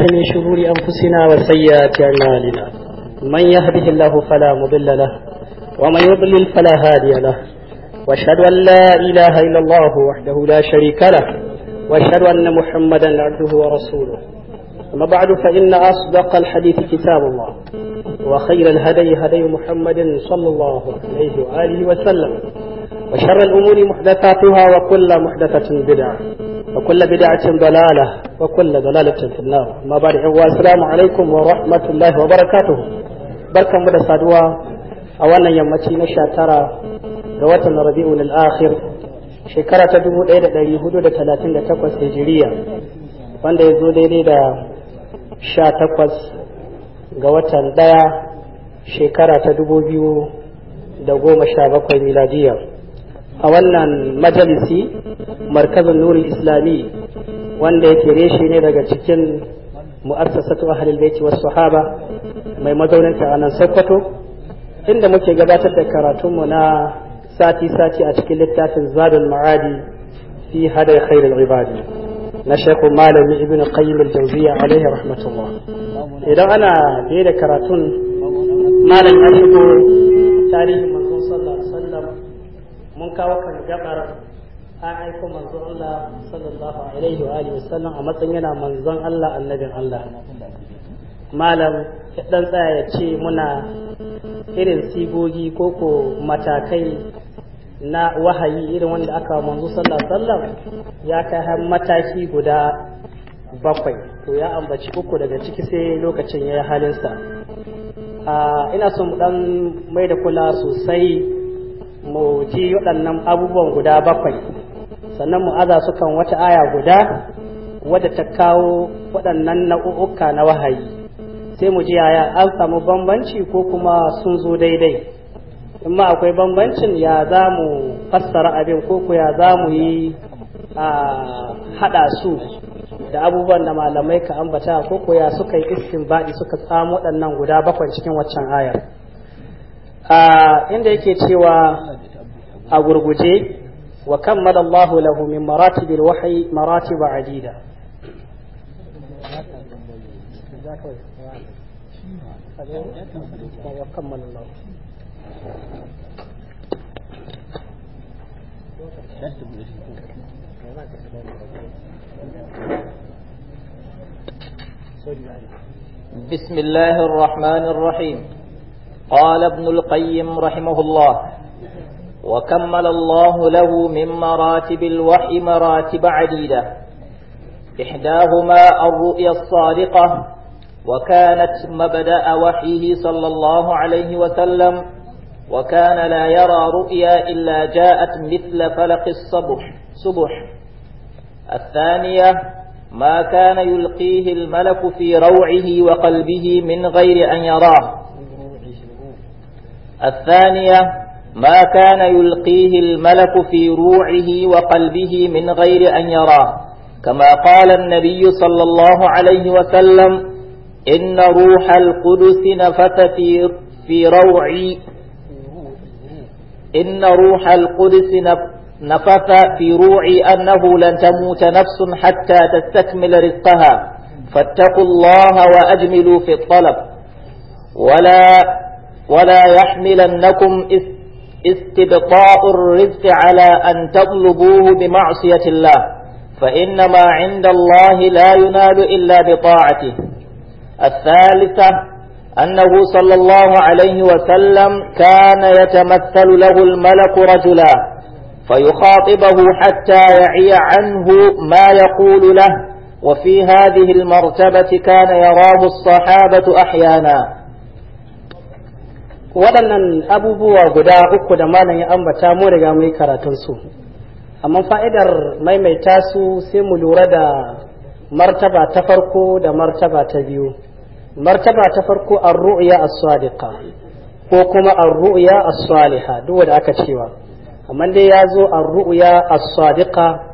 من شرور أنفسنا وسيئات أعمالنا من يهده الله فلا مضل له ومن يضلل فلا هادي له واشهد أن لا إله إلا الله وحده لا شريك له واشهد أن محمدا عبده ورسوله أما بعد فإن أصدق الحديث كتاب الله وخير الهدي هدي محمد صلى الله عليه وآله وسلم وشر الأمور محدثاتها وكل محدثة بدعة Ka kulle bid'atin dalalah wa kulla dalalatin fi nar amma ba'da yan wa alaikum wa rahmatullahi wa barakatuh barkan mu da saduwa a wannan yammaci na 19 ga watan rabiul akhir shekara ta 1438 hijriya wanda ya zo daidai da 18 ga watan 1 shekara ta 2017 miladiyya a wannan majalisi markazin nuri islami wanda yake reshe ne daga cikin mu'assasatu ahlul baiti was sahaba mai mazauninta a nan sokoto inda muke gabatar da karatunmu na sati-sati a cikin littafin zadul ma'adi fi hadai khairul ibadi na shekhu malami ibn qayyim al-jawziya alaihi rahmatullah idan ana da karatun malam ya tarihi. tarihin mun kawo kan gabar an aiko manzon Allah sallallahu alaihi wa alihi wasallam a matsayin yana manzon Allah annabin Allah malam ya dan tsaya ya ce muna irin sigogi ko ko matakai na wahayi irin wanda aka manzo sallallahu alaihi ya kai har mataki guda bakwai to ya ambaci uku daga ciki sai lokacin ya yi halinsa ah, ina son mu dan mai da kula sosai mu ji waɗannan abubuwan guda bakwai sannan mu aza su kan wata aya guda wadda ta kawo waɗannan nau'uka na wahayi sai mu ji yaya an samu bambanci ko kuma sun zo daidai in ma akwai bambancin ya za mu fassara abin ko ku ya za mu yi a haɗa su da abubuwan da malamai ka ambata ko ya suka yi iskin baɗi suka samu waɗannan guda bakwai cikin waccan ayar inda yake cewa a gurguje wa kammala Allah lahu min maratibil wahyi maratib adida بسم الله الرحمن الرحيم قال ابن القيم رحمه الله وكمل الله له من مراتب الوحي مراتب عديدة إحداهما الرؤيا الصادقة وكانت مبدأ وحيه صلى الله عليه وسلم وكان لا يرى رؤيا إلا جاءت مثل فلق الصبح صبح الثانية ما كان يلقيه الملك في روعه وقلبه من غير أن يراه الثانية ما كان يلقيه الملك في روعه وقلبه من غير أن يراه كما قال النبي صلى الله عليه وسلم إن روح القدس نفث في, في روعي إن روح القدس نفث في روعي أنه لن تموت نفس حتى تستكمل رزقها فاتقوا الله وأجملوا في الطلب ولا ولا يحملنكم استبطاء الرزق على أن تطلبوه بمعصية الله فإنما عند الله لا ينال إلا بطاعته الثالثة أنه صلى الله عليه وسلم كان يتمثل له الملك رجلا فيخاطبه حتى يعي عنه ما يقول له وفي هذه المرتبة كان يراه الصحابة أحيانا waɗannan abubuwa guda uku da malam ya ambata mu riga mai karatunsu karatun su amma fa'idar maimaita su sai mu lura da martaba ta farko da martaba ta biyu martaba ta farko an ru'ya a ko kuma an ru'ya a saliha duk wadda aka cewa amma dai ya zo an ru'ya a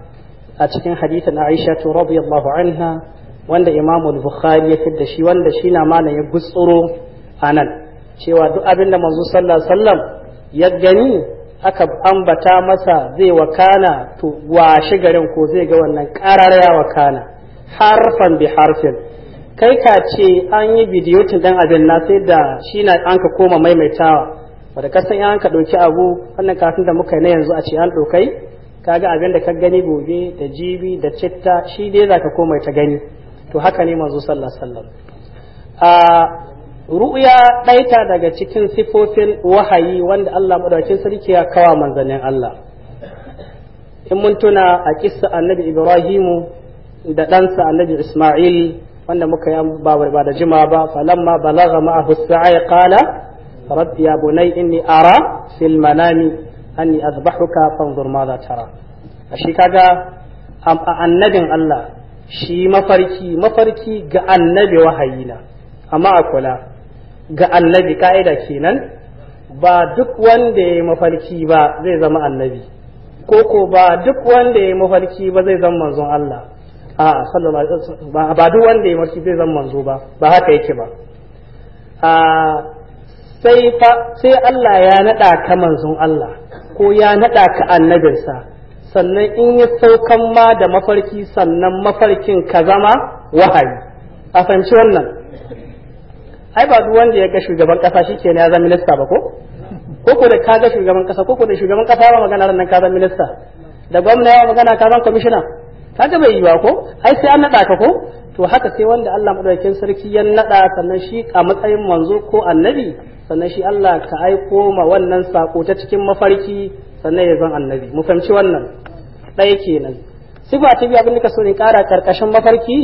a cikin hadithin Aisha to radiyallahu anha wanda Imam bukhari ya da shi wanda shi na malam ya gutsuro anan cewa duk abin da manzo sallallahu alaihi ya gani aka ambata masa zai wakana to washe garin ko zai ga wannan karar wakana harfan bi harfin kai ka ce an yi tun dan abin na sai da shi na an ka koma maimaitawa wadda kasan ya an ka ɗauki abu wannan kafin da muka yi na yanzu a ce an ɗaukai kaga abin da ka gani gobe da jibi da citta shi dai za ka koma ta gani to haka ne manzo sallallahu alaihi wasallam ah, ru'ya ɗaita daga cikin sifofin wahayi wanda Allah madaukakin sarki ya kawa manzannin Allah in mun tuna a kissa annabi Ibrahimu da ɗansa annabi Ismail wanda muka yi ba ba da jima ba falamma balagha ma'ahu sa'i qala rabbi ya bunay inni ara fil manami anni azbahuka fanzur ma za tara ashe kaga annabin Allah shi mafarki mafarki ga annabi wahayina amma a kula ga annabi ka'ida kenan ba duk wanda ya mafarki ba zai zama annabi ko ko ba duk wanda ya mafarki ba zai zama manzon Allah a sallallahu ba duk wanda ya mafarki zai zama manzo ba ba haka yake ba a sai fa sai Allah ya nada ka manzon Allah ko ya nada ka annabinsa sannan in ya saukan ma da mafarki sannan mafarkin ka zama wahayi a fanci wannan ai ba duk wanda ya ga shugaban kasa shikenan ya zama minista ba ko ko ko da ka ga shugaban kasa ko ko da shugaban kasa ya magana ran nan ka zama minista da gwamna ya magana ka zama commissioner ga bai yi ba ko ai sai an nada ka ko to haka sai wanda Allah madaukakin sarki ya naɗa sannan shi a matsayin manzo ko annabi sannan shi Allah ka aiko ma wannan sako ta cikin mafarki sannan ya zan annabi mu fahimci wannan ɗaya kenan sifa ta biyu abin da ka so ne kara ƙarƙashin mafarki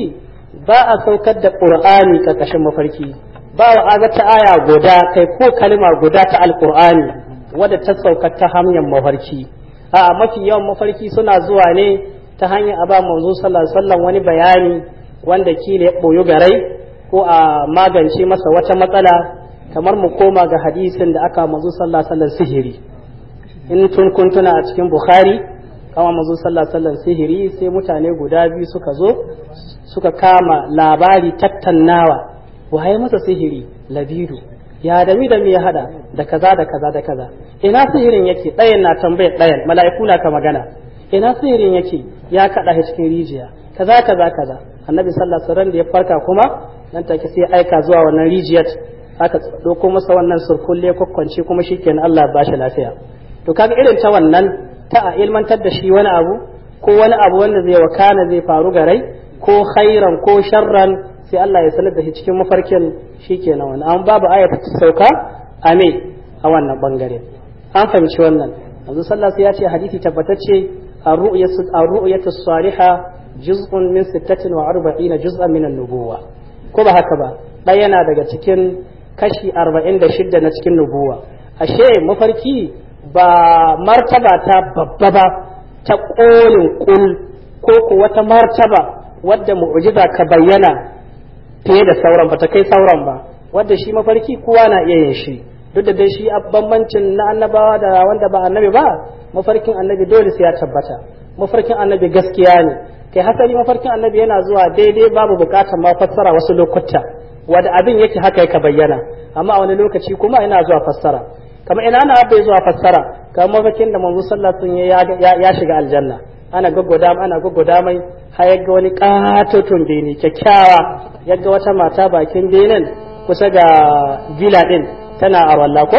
ba a saukar da ƙur'ani ƙarƙashin mafarki ba wa ta aya guda kai ko kalma guda ta alkur'ani wadda ta sauka ta hanyar mafarki a mafi yawan mafarki suna zuwa ne ta hanyar aba manzo sallallahu alaihi wasallam wani bayani wanda kila ya boyo garai ko a magance masa wata matsala kamar mu koma ga hadisin da aka manzo sallallahu alaihi wasallam sihiri in tun kun tuna a cikin bukhari kama manzo sallallahu alaihi wasallam sihiri sai mutane guda biyu suka zo suka kama labari tattannawa waye masa sihiri labidu ya dami da me ya hada da kaza da kaza da kaza ina sihirin yake ɗayan na tambayar ɗayan mala'iku na ka magana ina sihirin yake ya kada shi cikin rijiya kaza kaza kaza annabi sallallahu alaihi wasallam da ya farka kuma nan take sai aika zuwa wannan rijiyar aka doko masa wannan surkulle kokkwance kuma shikenan Allah ba shi lafiya to kaga irin ta wannan ta a ilmantar da shi wani abu ko wani abu wanda zai wakana zai faru ga rai ko khairan ko sharran sai Allah ya sanar da shi cikin mafarkin shi ke shikenan wani an babu aya ta sauka a me a wannan bangare an fahimci wannan yanzu sallah sai ya ce hadisi tabbatacce a ruyatu ar salihah juz'un min 46 juz'an min an-nubuwa ko ba haka ba ɗaya yana daga cikin kashi arba'in 46 na cikin nubuwa ashe mafarki ba martaba ta babba ba ta ƙolin kul ko ko wata martaba wadda mu'jiza ka bayyana fiye da sauran ba ta kai sauran ba wanda shi mafarki kowa na iya yin shi duk da dai shi bambancin na annabawa da wanda ba annabi ba mafarkin annabi dole sai ya tabbata mafarkin annabi gaskiya ne kai hasali mafarkin annabi yana zuwa daidai babu bukatar ma fassara wasu lokuta wanda abin yake haka yake bayyana amma a wani lokaci kuma yana zuwa fassara kamar ina na bai zuwa fassara kamar mafarkin da manzo sallallahu alaihi ya shiga aljanna ana gaggoda ana gaggoda mai har yaga wani katotun bene kyakkyawa yaga wata mata bakin benen kusa ga villa din tana a walla ko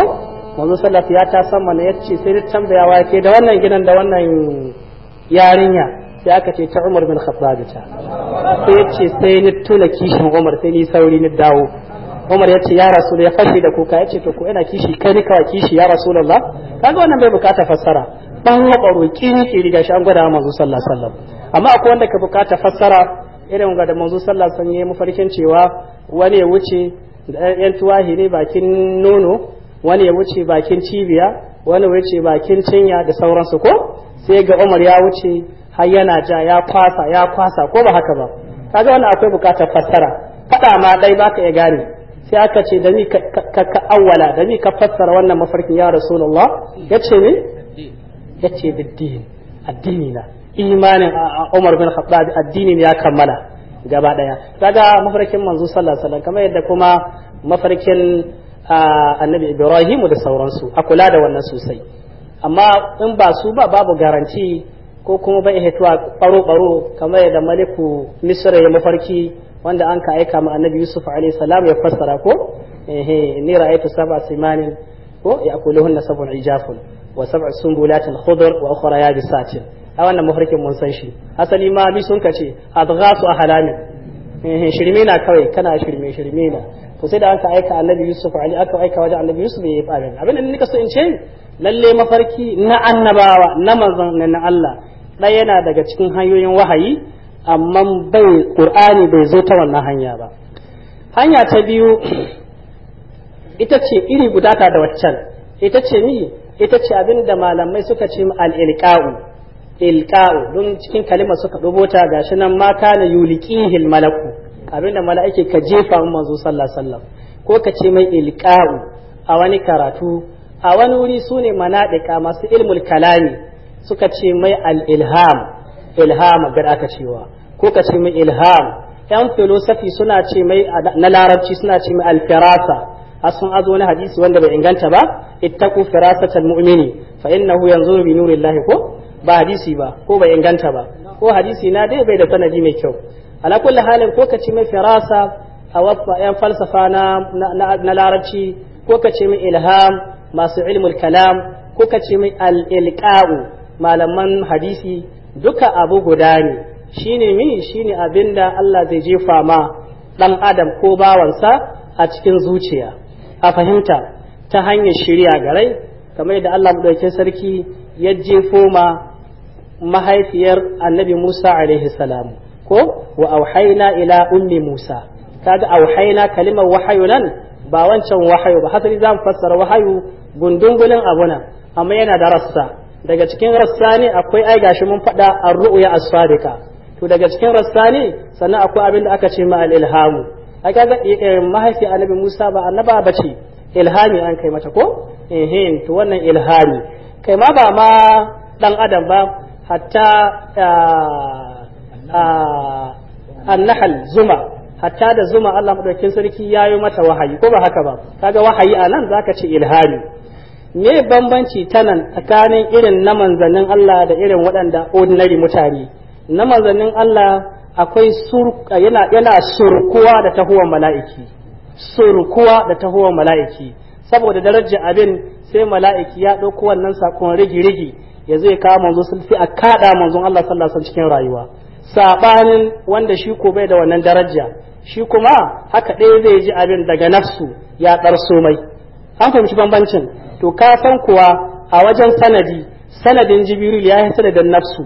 manzo sallallahu ya ta san mana yace sai tambaya tambayawa ke da wannan gidan da wannan yarinya sai aka ce ta Umar bin Khattab ta sai yace sai ni tuna kishin Umar sai ni sauri ni dawo Umar yace ya Rasul ya fashi da kuka yace to ko ina kishi kai ni kawai kishi ya Rasulullah kaga wannan bai bukata fassara dan makwaro kiri riga shi an gwada manzo sallallahu alaihi wasallam amma akwai wanda ka bukata fassara irin ga da manzo sallallahu alaihi wasallam ya mafarkin cewa wani ya wuce da yan tuwahi ne bakin nono wani ya wuce bakin cibiya wani ya wuce bakin cinya da sauransu ko sai ga Umar ya wuce har yana ja ya kwasa ya kwasa ko ba haka ba kaga wannan akwai bukatar fassara fada ma dai baka ya gane sai aka ce da ni ka awwala da ni ka fassara wannan mafarkin ya rasulullah yace ne yace da din addini na imanin Umar bin Khattab addinin ya kammala gaba daya kaga mafarkin manzo sallallahu alaihi wasallam kamar yadda kuma mafarkin annabi Ibrahim da sauransu a kula da wannan sosai amma in ba su ba babu garanti ko kuma ba hituwa baro baro kamar yadda maliku Misra ya mafarki wanda an ka aika ma annabi Yusuf alaihi salam ya fassara ko eh ni ra'aytu sab'a simanin ko ya'kuluhunna sab'un ijafun wa sab'u sunbulatin khudr wa ukhra yabisatin a wannan mafarkin mun san shi asali ma mi sun kace adghasu ahlamin eh, shirme na kawai kana shirme shirme na to sai da aka aika annabi yusuf ali aka aika wajen annabi yusuf ya yi abin da nika so in ce lalle mafarki na annabawa na manzon na Allah ɗaya yana daga cikin hanyoyin wahayi amma bai qur'ani bai zo ta wannan hanya ba hanya ta biyu ita ce iri gudata da waccan ita ce ni ita ce abin da malamai suka ce al-ilqa'u don cikin kalima suka ga shi nan ma na yuliqihil malaku abin da mala'ike ka jefa mu manzo sallah sallam ko ka ce mai ilqa'u a wani karatu a wani wuri sune manaɗika masu ilmul kalami suka ce mai al-ilham ilham gar aka cewa ko ka mai ilham yan filosofi suna ce mai na larabci suna ce mai har sun azo wani hadisi wanda bai inganta ba ittaqu firasatal mu'mini fa innahu yanzuru bi nurillahi ko ba hadisi ba ko bai inganta ba ko hadisi na dai bai da sanadi mai kyau ala kulli halin ko kace mai firasa a wasu yan falsafa na na larabci ko kace mai ilham masu ilmul kalam ko kace mai al-ilqa'u malaman hadisi duka abu guda ne shine mi shine abinda Allah zai jefa ma dan adam ko bawansa a cikin zuciya a fahimta ta hanyar shirya garai kamar yadda Allah madaukakin sarki ya jefo ma mahaifiyar annabi Musa alaihi salam ko wa auhaina ila ummi Musa kaga auhaina kalimar wahayu nan ba wancan wahayu ba hasali zamu fassara wahayu gundungulin abuna amma yana da rassa daga cikin rassa ne akwai ai gashi mun faɗa ar-ru'ya as-sadiqa to daga cikin rassa ne sannan akwai abin da aka ce ma al-ilhamu a kaga eh, eh, mahaifi annabi Musa ba annaba ba ce ilhami an kai mata ko ehin to wannan ilhami kai ma ba ma dan adam ba hatta ah, ah, annahal zuma hatta da zuma Allah madaukakin sarki yayo mata wahayi ko ba haka ba ga wahayi anan zaka ce ilhami me bambanci nan tsakanin irin na manzannin Allah da irin waɗanda ordinary mutane na manzannin Allah akwai surka yana yana surkuwa da tahuwan mala'iki surkuwa da tahuwan mala'iki saboda darajar abin sai mala'iki ya dauko wannan sakon rigi-rigi ya zai kawo manzo sulfi a kaɗa manzon Allah sallallahu alaihi cikin rayuwa sabanin wanda shi ko bai da wannan daraja shi kuma haka ɗaya zai ji abin daga nafsu ya ɗarso mai an fahimci bambancin to ka san kuwa a wajen sanadi sanadin jibril ya yi sanadin nafsu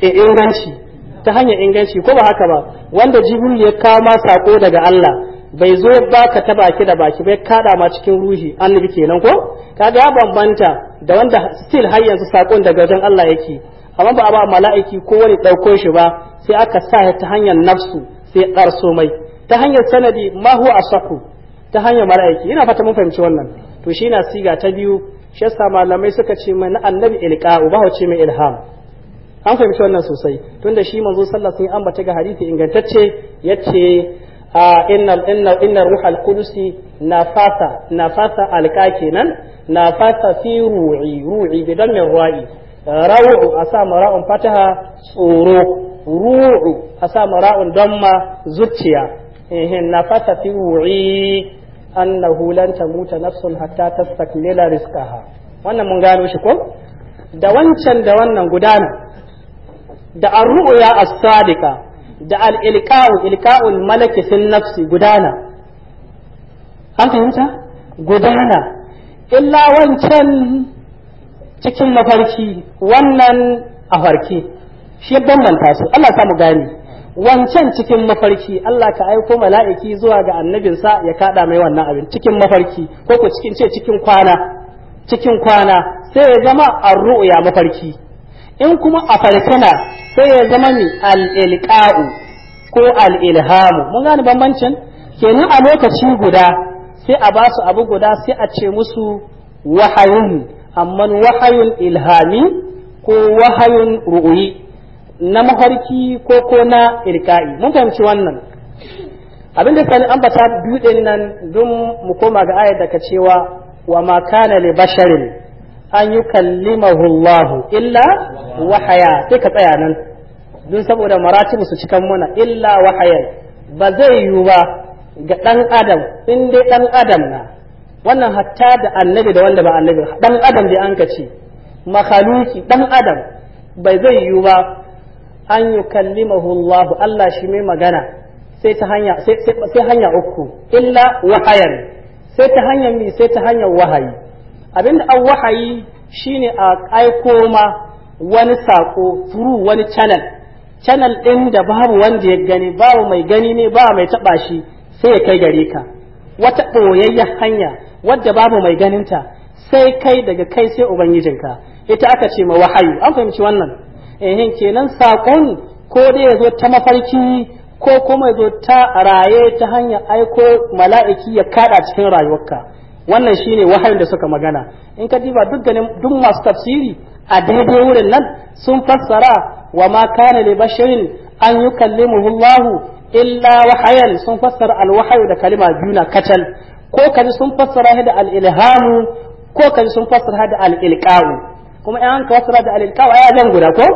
e inganci ta hanyar inganci ko ba haka ba wanda jibril ya kawo ma sako daga Allah bai zo ba ka ta baki da baki bai kada ma cikin ruhi annabi kenan ko kaga ya bambanta da wanda still har yanzu sakon daga wajen Allah yake amma ba a ba mala'iki ko wani ɗauko shi ba sai aka sa ta hanyar nafsu sai ƙarso mai ta hanyar sanadi ma huwa asaku ta hanyar mala'iki ina fata mun fahimci wannan to shi na siga ta biyu shi yasa malamai suka ce mai na annabi ilqa'u ba ce mai ilham an fahimci wannan sosai tunda shi manzo sallallahu alaihi wasallam bata ga hadisi ingantacce yace inna inna inna ruhul qudus nafasa nafasa alka kenan nafasa fi ru'i ru'i bidan min ra'i raw'u asama ra'un fataha tsoro ru'u asama ra'un damma zuciya eh nafasa fi ru'i annahu lan tamuta nafsun hatta tastakmila rizqaha wannan mun gano shi ko da wancan da wannan gudana da ar-ru'ya as-sadiqa da al-ilqa'u ilqa'ul malaki fil nafsi gudana an fahimta gudana illa wancan cikin mafarki wannan a farki shi bambanta su Allah mu gani wancan cikin mafarki Allah ka aiko mala'iki zuwa ga annabinsa ya kada mai wannan abin cikin mafarki ko ko cikin ce cikin kwana cikin kwana sai ya zama arru'ya mafarki in kuma a farkina sai ya zama ni al ilkau ko al-ilhamu mun gane bambancin kenan a lokaci guda sai a ba su abu guda sai a ce musu wahayun amma wahayun ilhami ko wahayun ru'uyi na maharki ko ko na ilka'i. mun fahimci wannan abin da sani an bata biyu nan don mu koma ga ayar da ka cewa wa ma kana li basharin an yi kallimahullahu illa wahaya sai ka tsaya nan don saboda maratibu su cikan mana illa wahayan ba zai yiwu ba ga ɗan adam in dai ɗan adam na wannan hatta da annabi da wanda ba annabi ɗan adam dai an ka ce makhaluki ɗan adam ba zai yiwu ba an yi kallimahullahu Allah shi mai magana sai ta hanya sai hanya uku illa wahayan sai ta hanyar mi sai ta hanyar wahayi abinda an wahayi shine a aiko ma wani sako through wani channel channel ɗin da babu wanda ya gani babu mai gani ne ba mai taɓa shi sai ya kai gare ka wata ɓoyayyen hanya wadda babu mai ganinta sai kai daga kai sai ubangijinka ita aka ce ma wahayi. an fahimci wannan ehin kenan saƙon ko dai ya zo ta mafarki ko kuma ya zo ta raye ta hanyar aiko mala'iki ya kaɗa cikin rayuwarka wannan shine wahayin da suka magana in ka diba dukkanin duk masu tafsiri a daidai wurin nan sun fassara wa ma kana li basharin an yukallimuhu Allah illa wahayan sun fassara alwahayu da kalima biyu kacal ko kaji sun fassara da al-ilhamu ko kaji sun fassara da al-ilqa'u kuma in an ka fassara da al-ilqa'u ya zan guda ko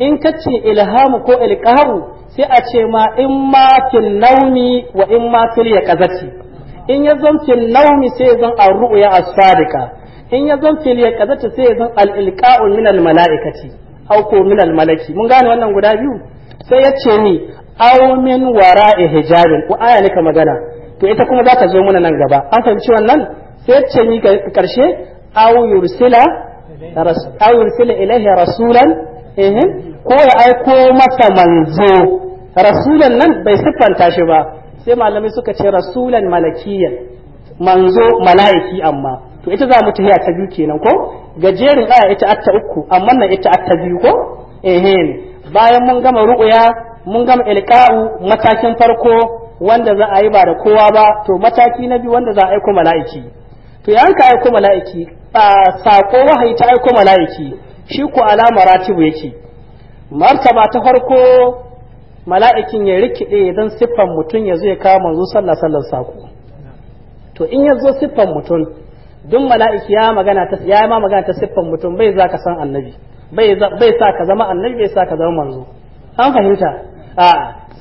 in ka ce ilhamu ko ilqa'u sai a ce ma in ma fil naumi wa in ma ya yaqazati in ya zan fil sai zan arru'ya as-sadiqa in ya zan fil yaqazati sai zan al-ilqa'u min al-mala'ikati ko min malaki mun gane wannan guda biyu sai ya ce ni aw min wara'i hijabin ko aya ne ka magana to ita kuma za ta zo mana nan gaba an fahimci wannan sai ya ce ni karshe aw yursila aw ko ya aiko masa manzo rasulan nan bai siffanta shi ba sai malamai suka ce rasulan malakiyan manzo mala'iki amma to ita za mu ta ta biyu kenan ko gajerin aya ita atta uku amma nan ita atta biyu ko bayan mun gama ru'uya mun gama ilqa'u matakin farko wanda za a yi ba da kowa ba to mataki na biyu wanda za a aiko mala'iki to ya ka aiko mala'iki sako wahayi ta aiko mala'iki shi ko alama ratibu yake martaba ta farko mala'ikin ya rikide don siffan mutum ya zo ya kawo manzo sallah sallar sako to in ya zo siffan mutum duk mala'iki ya magana ta ya ma magana ta siffan mutum bai za ka san annabi bai sa ka zama annabi bai sa ka zama manzo an fahimta a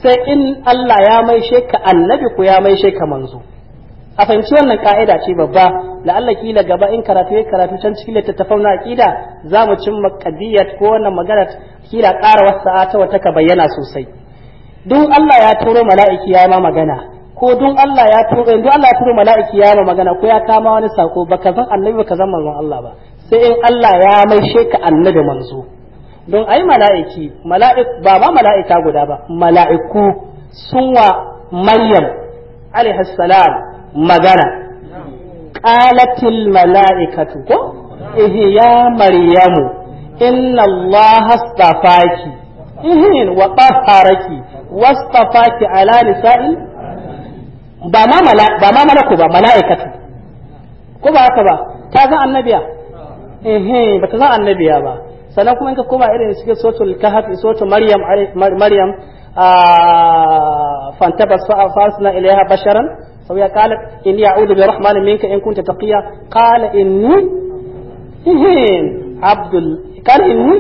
sai in Allah ya mai ka annabi ku ya mai ka manzo a fahimci wannan ka'ida ce babba la'alla kila gaba in karatu ya karatu can cikin littattafan na aqida za mu cimma qadiyat ko wannan magana kila ƙara Sa'a ta wata ka bayyana sosai don Allah ya turo mala'iki ya ma magana ko don Allah ya turo yanzu Allah ya turo mala'iki ya ma magana ko ya kama wani sako baka san annabi baka san manzon Allah ba sai in Allah ya mai sheka annabi manzo don ai mala'iki mala'ik ba ma mala'ika guda ba mala'iku sun wa Maryam alaihi salam magana qalatil mala'ikatu ko ihi ya Maryamu inna Allah astafaki ihin wa taharaki wastafaki ala nisa'il ba ma mala ba ma malaku ba mala'ikatu ko ba haka ba ta zan annabiya eh eh ba ta zan annabiya ba sannan kuma in ka koma irin cikin sotul kahf sotul maryam maryam a fantabas fa fasna ilaiha basharan سوية قالت إني أعوذ برحمن منك إن كنت تقيا قال إني عبد ال... قال إني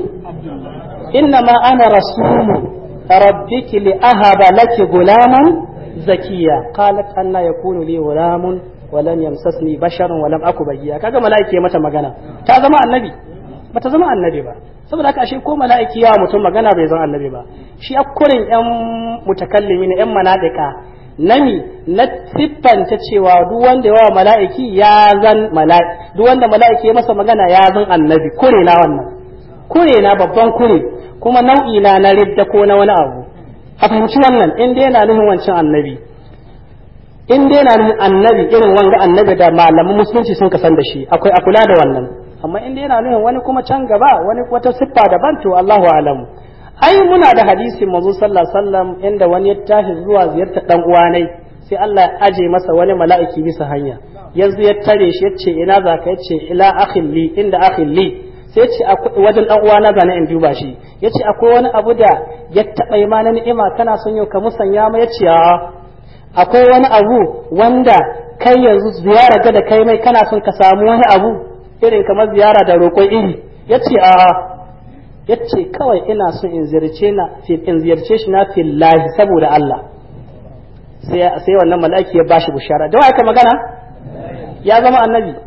إنما ana رسول ربك لأهب لك غلاما زكيا zakiya أن يكون لي غلام gulamun يمسسني بشر ولم أكو wa كذا aku bagiya kaga mala'ike mata magana ta zama annabi bata zama annabi ba saboda haka ashe ko mala'iki ya mutum magana bai zama annabi ba shi akkurin yan mutakallimi ne yan mala'ika nami na siffanta cewa duk wanda yawa mala'iki ya zan mala'iki duk wanda mala'iki ya masa magana ya zan annabi kure na wannan kure na babban kure kuma nau'i na na ridda ko na wani abu a fahimci wannan in yana nuhin wancan annabi in yana nuhin annabi irin wanga annabi da malaman musulunci sun kasan da shi akwai a kula da wannan amma in yana nuhin wani kuma can gaba wani wata siffa daban to Allahu alamu ai muna da hadisi manzo sallallahu alaihi wasallam inda wani ya tashi zuwa ziyartar dan uwa ne sai Allah ya aje masa wani mala'iki bisa hanya yanzu ya tare shi ya ina za yace ila akhilli inda akhilli sai ce wajen dan uwana zane in duba shi yace akwai wani abu da ya taba yi na ni'ima kana son yau ka musanya ma yace a akwai wani abu wanda kai yanzu ziyara ga da kai mai kana son ka samu wani abu irin kamar ziyara da roƙon iri yace a yace kawai ina son in ziyarce na in ziyarce shi na fillahi saboda Allah sai sai wannan mala'iki ya bashi bushara da wa aka magana ya zama annabi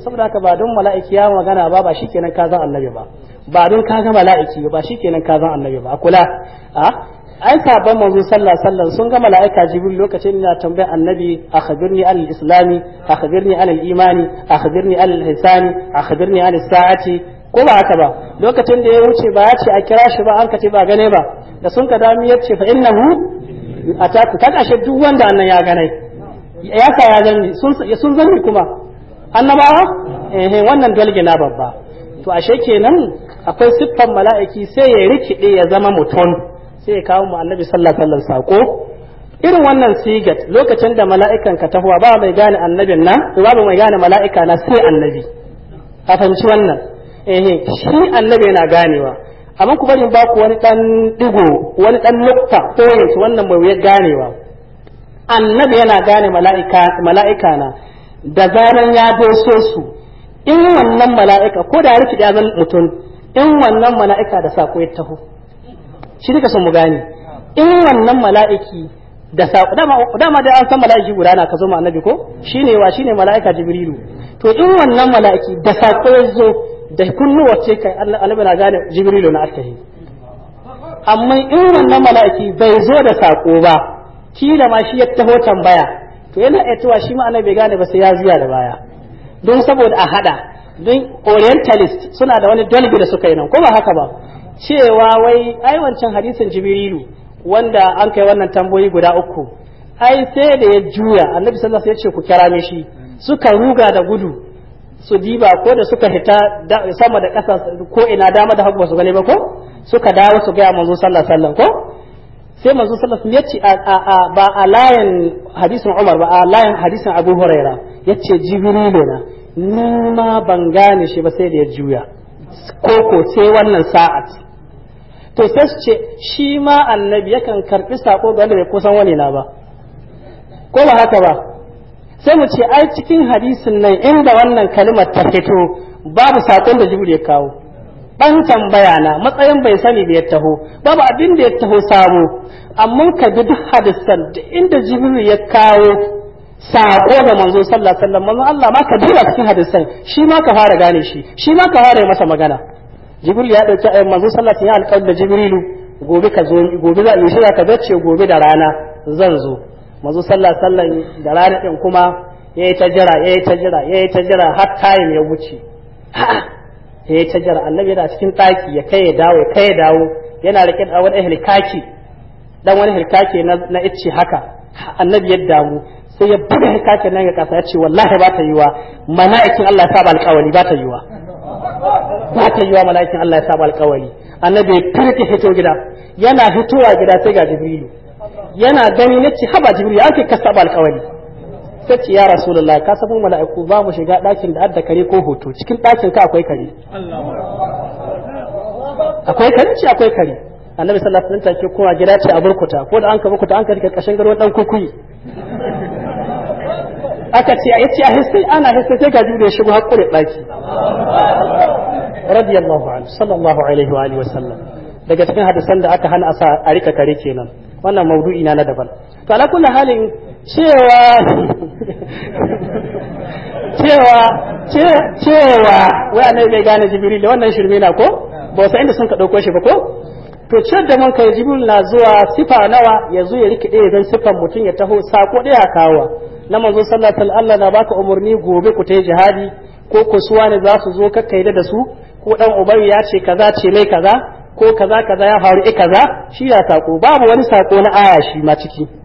saboda haka ba don mala'iki ya magana ba ba shikenan ka zan annabi ba ba don ka ga mala'iki ba shikenan ka zan annabi ba a kula a ai sabon manzo sallah sallan sun ga mala'ika jibril lokacin da tambayar annabi akhbirni an al-islami akhbirni an al-imani akhbirni an al-hisani akhbirni an as-sa'ati ko ba haka ba lokacin da ya wuce ba ya ce a kira shi ba an ka ce ba gane ba da sun ka dami ya ce fa innahu ataku kaga shi duk wanda annan ya gane ya sa ya gani sun sun zanni kuma annabawa eh wannan dalge na babba to ashe kenan akwai siffan mala'iki sai ya rikide ya zama mutum sai ya kawo mu annabi sallallahu alaihi wasallam sako irin wannan sigat lokacin da mala'ikan ka tahuwa ba mai gane annabin nan babu mai gane mala'ika na sai annabi ka fahimci wannan eh shi annabi yana ganewa amma ku bari ba ku wani dan digo wani dan nukta point wannan bai ganewa annabi yana gane mala'ika mala'ika na da zaran ya doso su in wannan mala'ika ko da rikid ya zan mutum in wannan mala'ika da sako ya taho shi duka sun mu gane in wannan mala'iki da sako dama da an san mala'iki guda na ka zo ma annabi ko ne wa shi ne mala'ika jibrilu to in wannan mala'iki da sako ya zo da kunnuwa ce kai annabi na gane jibrilu na alkahi amma in wannan mala'iki bai zo da sako ba kila ma shi ya taho tambaya to yana aitowa shi ma bai gane ba sai ya zuya da baya don saboda a hada don orientalist suna da wani dalibi da suka yi nan ko ba haka ba cewa wai ai wancan hadisin jibrilu wanda an kai wannan tamboyi guda uku ai sai da ya juya annabi sallallahu alaihi ya ce ku kira shi suka ruga da gudu su diba ko da suka hita sama da ƙasa ko ina dama da hagu ba su gani ba ko suka dawo su gaya manzo sallallahu alaihi wasallam ko sai manzo sallallahu alaihi ce ba a layan hadisin Umar ba a layan hadisin Abu Huraira yace Jibrilu na ni ma ban gane shi ba sai da ya juya koko sai wannan sa'at to sai su ce shi ma annabi yakan karbi sako ga wanda bai kusan wani na ba ko ba haka ba sai mu ce ai cikin hadisin nan inda wannan kalimar ta fito babu sakon da Jibril ya kawo ban tambaya na matsayin bai sani da ya taho babu abin da ya taho samu amma ka bi duk hadisan da inda jibiru ya kawo sako da manzo sallallahu alaihi wasallam manzo Allah ma ka duba cikin hadisan shi ma ka fara gane shi shi ma ka fara masa magana jibril ya dauki ayyukan eh, manzo sallallahu alaihi wasallam alƙawar da jibrilu gobe ka zo gobe za ni shirya ka bacce gobe da rana zan zo manzo sallallahu alaihi wasallam da rana din kuma yayi ta jira yayi ta jira yayi ta jira har time ya wuce ya yi cajar annabi yana cikin ɗaki ya kai ya dawo ya kai ya dawo yana rike da wani hilkaki dan wani hilkaki na icce haka annabi ya damu sai ya buga hilkaki nan ga kasa ya ce wallahi ba ta yiwa mala'ikin Allah ya saba alƙawari ba ta yiwa ba ta yiwa mala'ikin Allah ya saba alƙawari annabi ya tarke fito gida yana fitowa gida sai ga jibrilu yana gani na ce haba jibrilu ya ke ka saba alƙawari sai ce ya rasulullahi ka san mala'iku za mu shiga ɗakin da adda kare ko hoto cikin ɗakin ka akwai kare akwai kare ce akwai kare annabi sallallahu alaihi wasallam ta take kuma gida ce a burkuta ko da an ka burkuta an ka rike kashin garwan dan kukuyi aka ce a yace a hisse ana hisse sai ga jure shigo hakuri ɗaki radiyallahu anhu sallallahu alaihi wa alihi wasallam daga cikin hadisan da aka hana asa a rika kare kenan wannan maudu'i na na daban to ala kulli halin cewa cewa cewa wai annabi bai gane jibril wannan shirme na ko ba sai inda sun ka dauko shi ba ko to ciyar da mun kai jibril na zuwa sifa nawa ya zo ya rikide ya zan sifan mutum ya taho sako daya kawo. na manzo sallallahu alaihi Allah na baka umarni gobe ku ta jihadi ko kusuwa ne za su zo kakkai da su ko dan ubai ya ce kaza ce mai kaza ko kaza kaza ya faru e kaza shi ya sako babu wani sako na aya shi ma ciki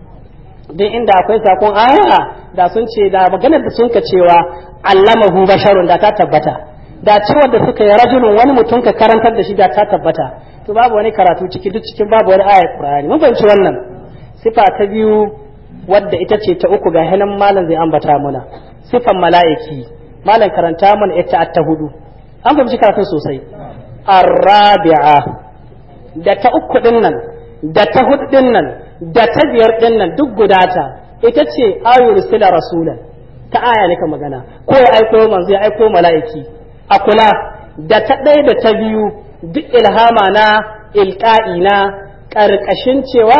duk inda akwai sakon aya da sun ce da maganar da sun ka cewa allamahu basharun da ta tabbata da cewa da suka yi rajulun wani mutum ka karantar da shi da ta tabbata to babu wani karatu ciki duk cikin babu wani ayar qur'ani mun fahimci wannan sifa ta biyu wadda ita ce ta uku ga hinan malam zai ambata muna sifan mala'iki malam karanta mana ita ta hudu an fahimci karatun sosai arrabi'a da ta uku din nan da ta huɗin nan da ta biyar ɗin nan duk gudata ita ce ayyul sila rasulan ta aya ne magana ko ya aiko manzo ya aiko mala'iki a kula da ta ɗaya da ta biyu duk ilhama na ilka'i na ƙarƙashin cewa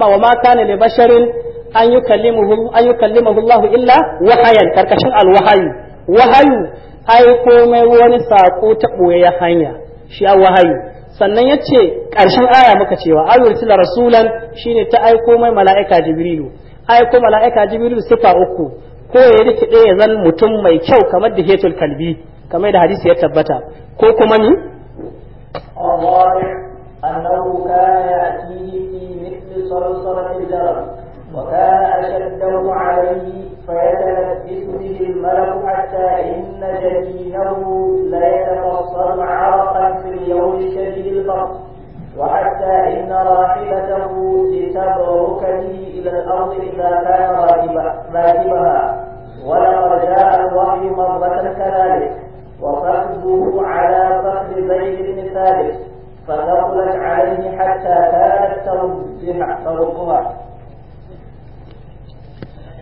wa ma kana li basharin an yukallimuhu an yukallimuhu Allah illa wahayan ƙarƙashin alwahayu wahayu aiko mai wani sako ta ɓoye hanya shi wahayu sannan ya ce ƙarshen aya muka cewa ayyul rasulan shine ta aiko mai mala'ika jibrilu aiko mala'ika jibrilu sifa uku ko ya rikide ya zan mutum mai kyau kamar da hetul kalbi kamar da hadisi ya tabbata ko kuma ni annahu وكان أشده عليه فيتلبس به الملك حتى إن جبينه لا يتفصل عرقا في اليوم الشديد البرد وحتى إن راحلته لتبرك به إلى الأرض إذا كان راكبها ولقد جاء الوحي مرة كذلك وفخذه على فخر زيد بن ثابت فثقلت عليه حتى كانت تربها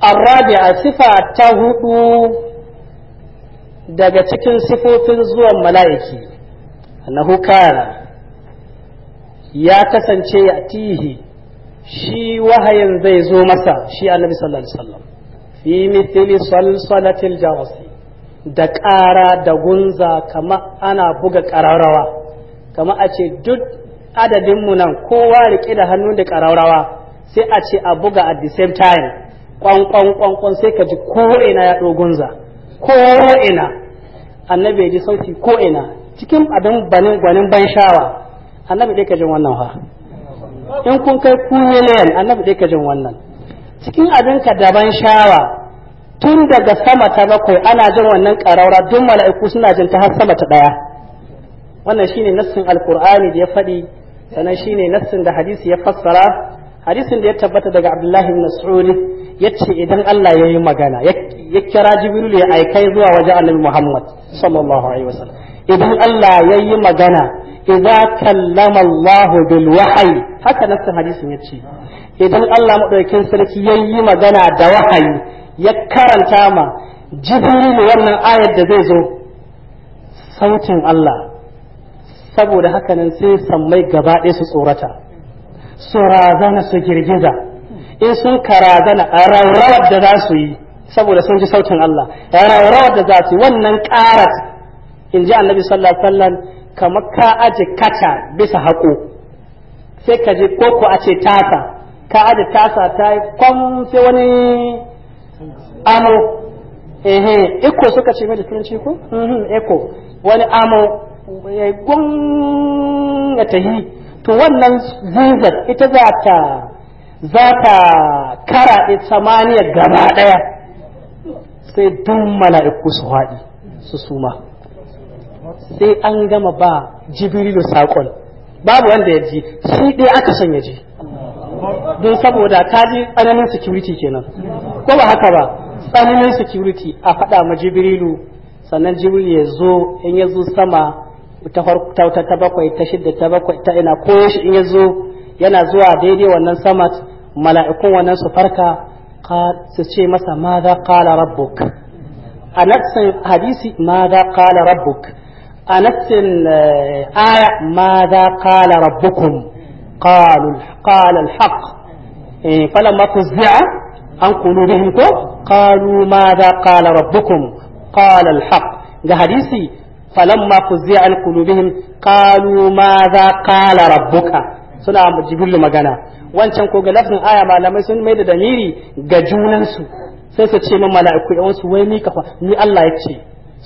الرابعة صفة huɗu daga cikin sifofin zuwan mala'iki annahu kana ya kasance a tihi shi wahayin zai zo masa shi annabi sallallahu alaihi wasallam fi mithli salsalatil jawasi da ƙara da gunza kama ana buga ƙararrawa kama a ce duk adadinmu nan kowa riƙe da hannu da ƙararrawa sai a ce a buga at the same time kwankwan sai ka ji ko ina ya dogonza ko ina annabi ya ji sauti ko ina cikin abin banin gwanin ban shawa annabi ɗai ka jin wannan ha. in kun kai ku annabi ɗai ka jin wannan cikin abin ka da ban shawa tun daga sama ta bakwai ana jin wannan ƙaraura duk mala'iku suna jin ta har sama ta ɗaya. wannan shine nassin alqur'ani da ya faɗi sannan shine nassin da hadisi ya fassara hadisin da ya tabbata daga abdullahi ya ce idan Allah ya yi magana ya kira jibril ya aikai zuwa wajen annabi muhammad sallallahu alaihi wasallam idan Allah ya yi magana idan kallama Allah bil wahayi haka hadisin yace idan Allah madaukakin sarki ya yi magana da wahayi ya karanta ma jibril wannan ayar da zai zo sautin Allah saboda haka nan sai sammai gaba ɗaya su tsorata su razana su girgiza in sun karazana a rawar da za su yi saboda sun ji sautin Allah a rawar da za su yi wannan karat in ji annabi sallallahu alaihi kamar ka aje kata bisa haƙo sai ka ji koko a ce tasa ka aje tasa ta yi kwan sai wani amo ehe eko suka ce mai da turanci ko mhm, eko wani amo ya gwan ya yi to wannan zanzar ita za ta za ta karaɗe samaniya gaba ɗaya sai dun mala'iku su haɗi su suma sai an gama ba jibrilu saƙon babu wanda ya ji sai ɗaya aka son ya ji don saboda ta ji tsananin security kenan ko ba haka ba tsananin security a faɗa ma jibrilu sannan jibrilu ya zo in ya zo sama ta farko ta bakwai ta shidda ta bakwai ta ina ko in ya zo yana zuwa daidai wannan samat mala'ikun wannan su farka su ce masa ma za qala rabbuk a nafsin hadisi ma za qala rabbuk a nafsin aya ma za qala rabbukum qalu qala alhaq falamma tuzia an qulubihim ko qalu ma za qala rabbukum qala alhaq ga hadisi falamma fuzza an qulubihim qalu madha qala rabbuka suna jibril magana wancan ko ga aya malamai sun mai da damiri ga junansu sai su ce min mala'iku yan wasu wai ni kafa ni Allah ya ce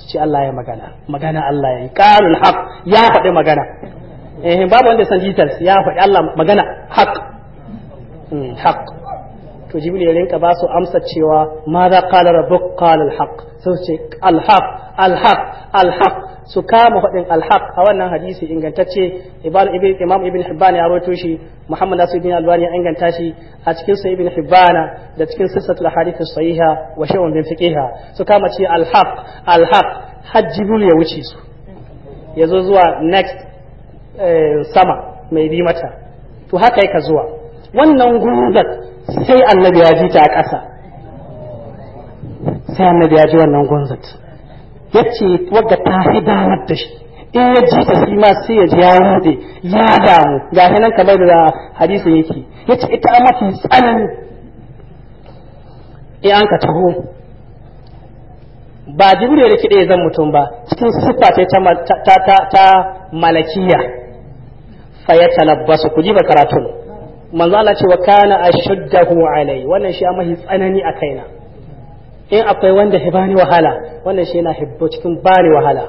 su Allah ya magana magana Allah ya yi qalul haq ya faɗi magana eh babu wanda san ya faɗi Allah magana to jibril ya rinka ba su amsa cewa ma za qala rabbuk qala al ce al haq al al su kama hudin alhaq a wannan hadisi ingantacce imam ibn hibban ya rawaito shi muhammad nasir ibn albani ya inganta shi a cikin sa ibn hibban da cikin sissatul hadith sahiha wa shay'un bin fiqiha su kama ce alhaq alhaq hajjibul ya wuce su yazo zuwa next eh, sama mai bi mata to haka yake zuwa wannan gurbat sai annabi ya ji ta a ƙasa sai annabi ya ji wannan gunzat yace waga ta damar da shi in ya ji ta ma sai ya ji ya ya damu ga nan kamar da hadisin yake yace ita mafi tsanani in an ka taho ba jibril da kiɗe zan mutum ba cikin siffa ta ta ta ta malakiya fa ya talabbasu ku ji ba karatu manzo Allah ce wa kana ashuddahu alai wannan shi mafi tsanani a kaina in akwai wanda shi bani wahala wannan shi yana hibbo cikin bani wahala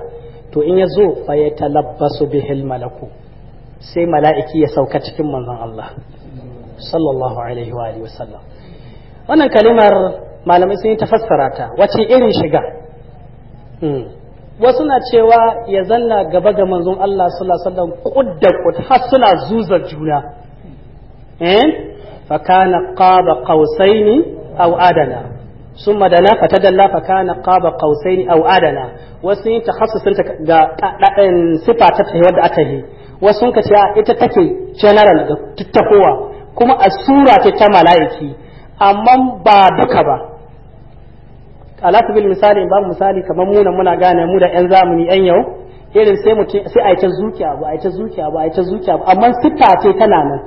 to in ya zo fa ya talabbasu bihil malaku sai mala'iki ya sauka cikin manzon Allah sallallahu alaihi wa alihi wasallam wannan kalimar malamai sun yi tafassara ta wace irin shiga hmm. wasu na cewa ya zanna gaba ga manzon Allah sallallahu alaihi wasallam kudda kud har suna zuzar juna eh fa kana qaba qausaini aw adana sun madana fata dalla fa kana qaba qausaini aw adana wasu yin takhassusin ga sifa ta tahi wanda aka yi wasu ka ce ita take general ga tattakowa kuma a sura ce ta mala'iki amma ba duka ba alaka bil misali ba misali kamar muna muna gane mu da yan zamani yan yau irin sai mutum sai a yi ta zukiya ba a yi ta zukiya ba a yi ta zukiya ba amma sifa ce tana nan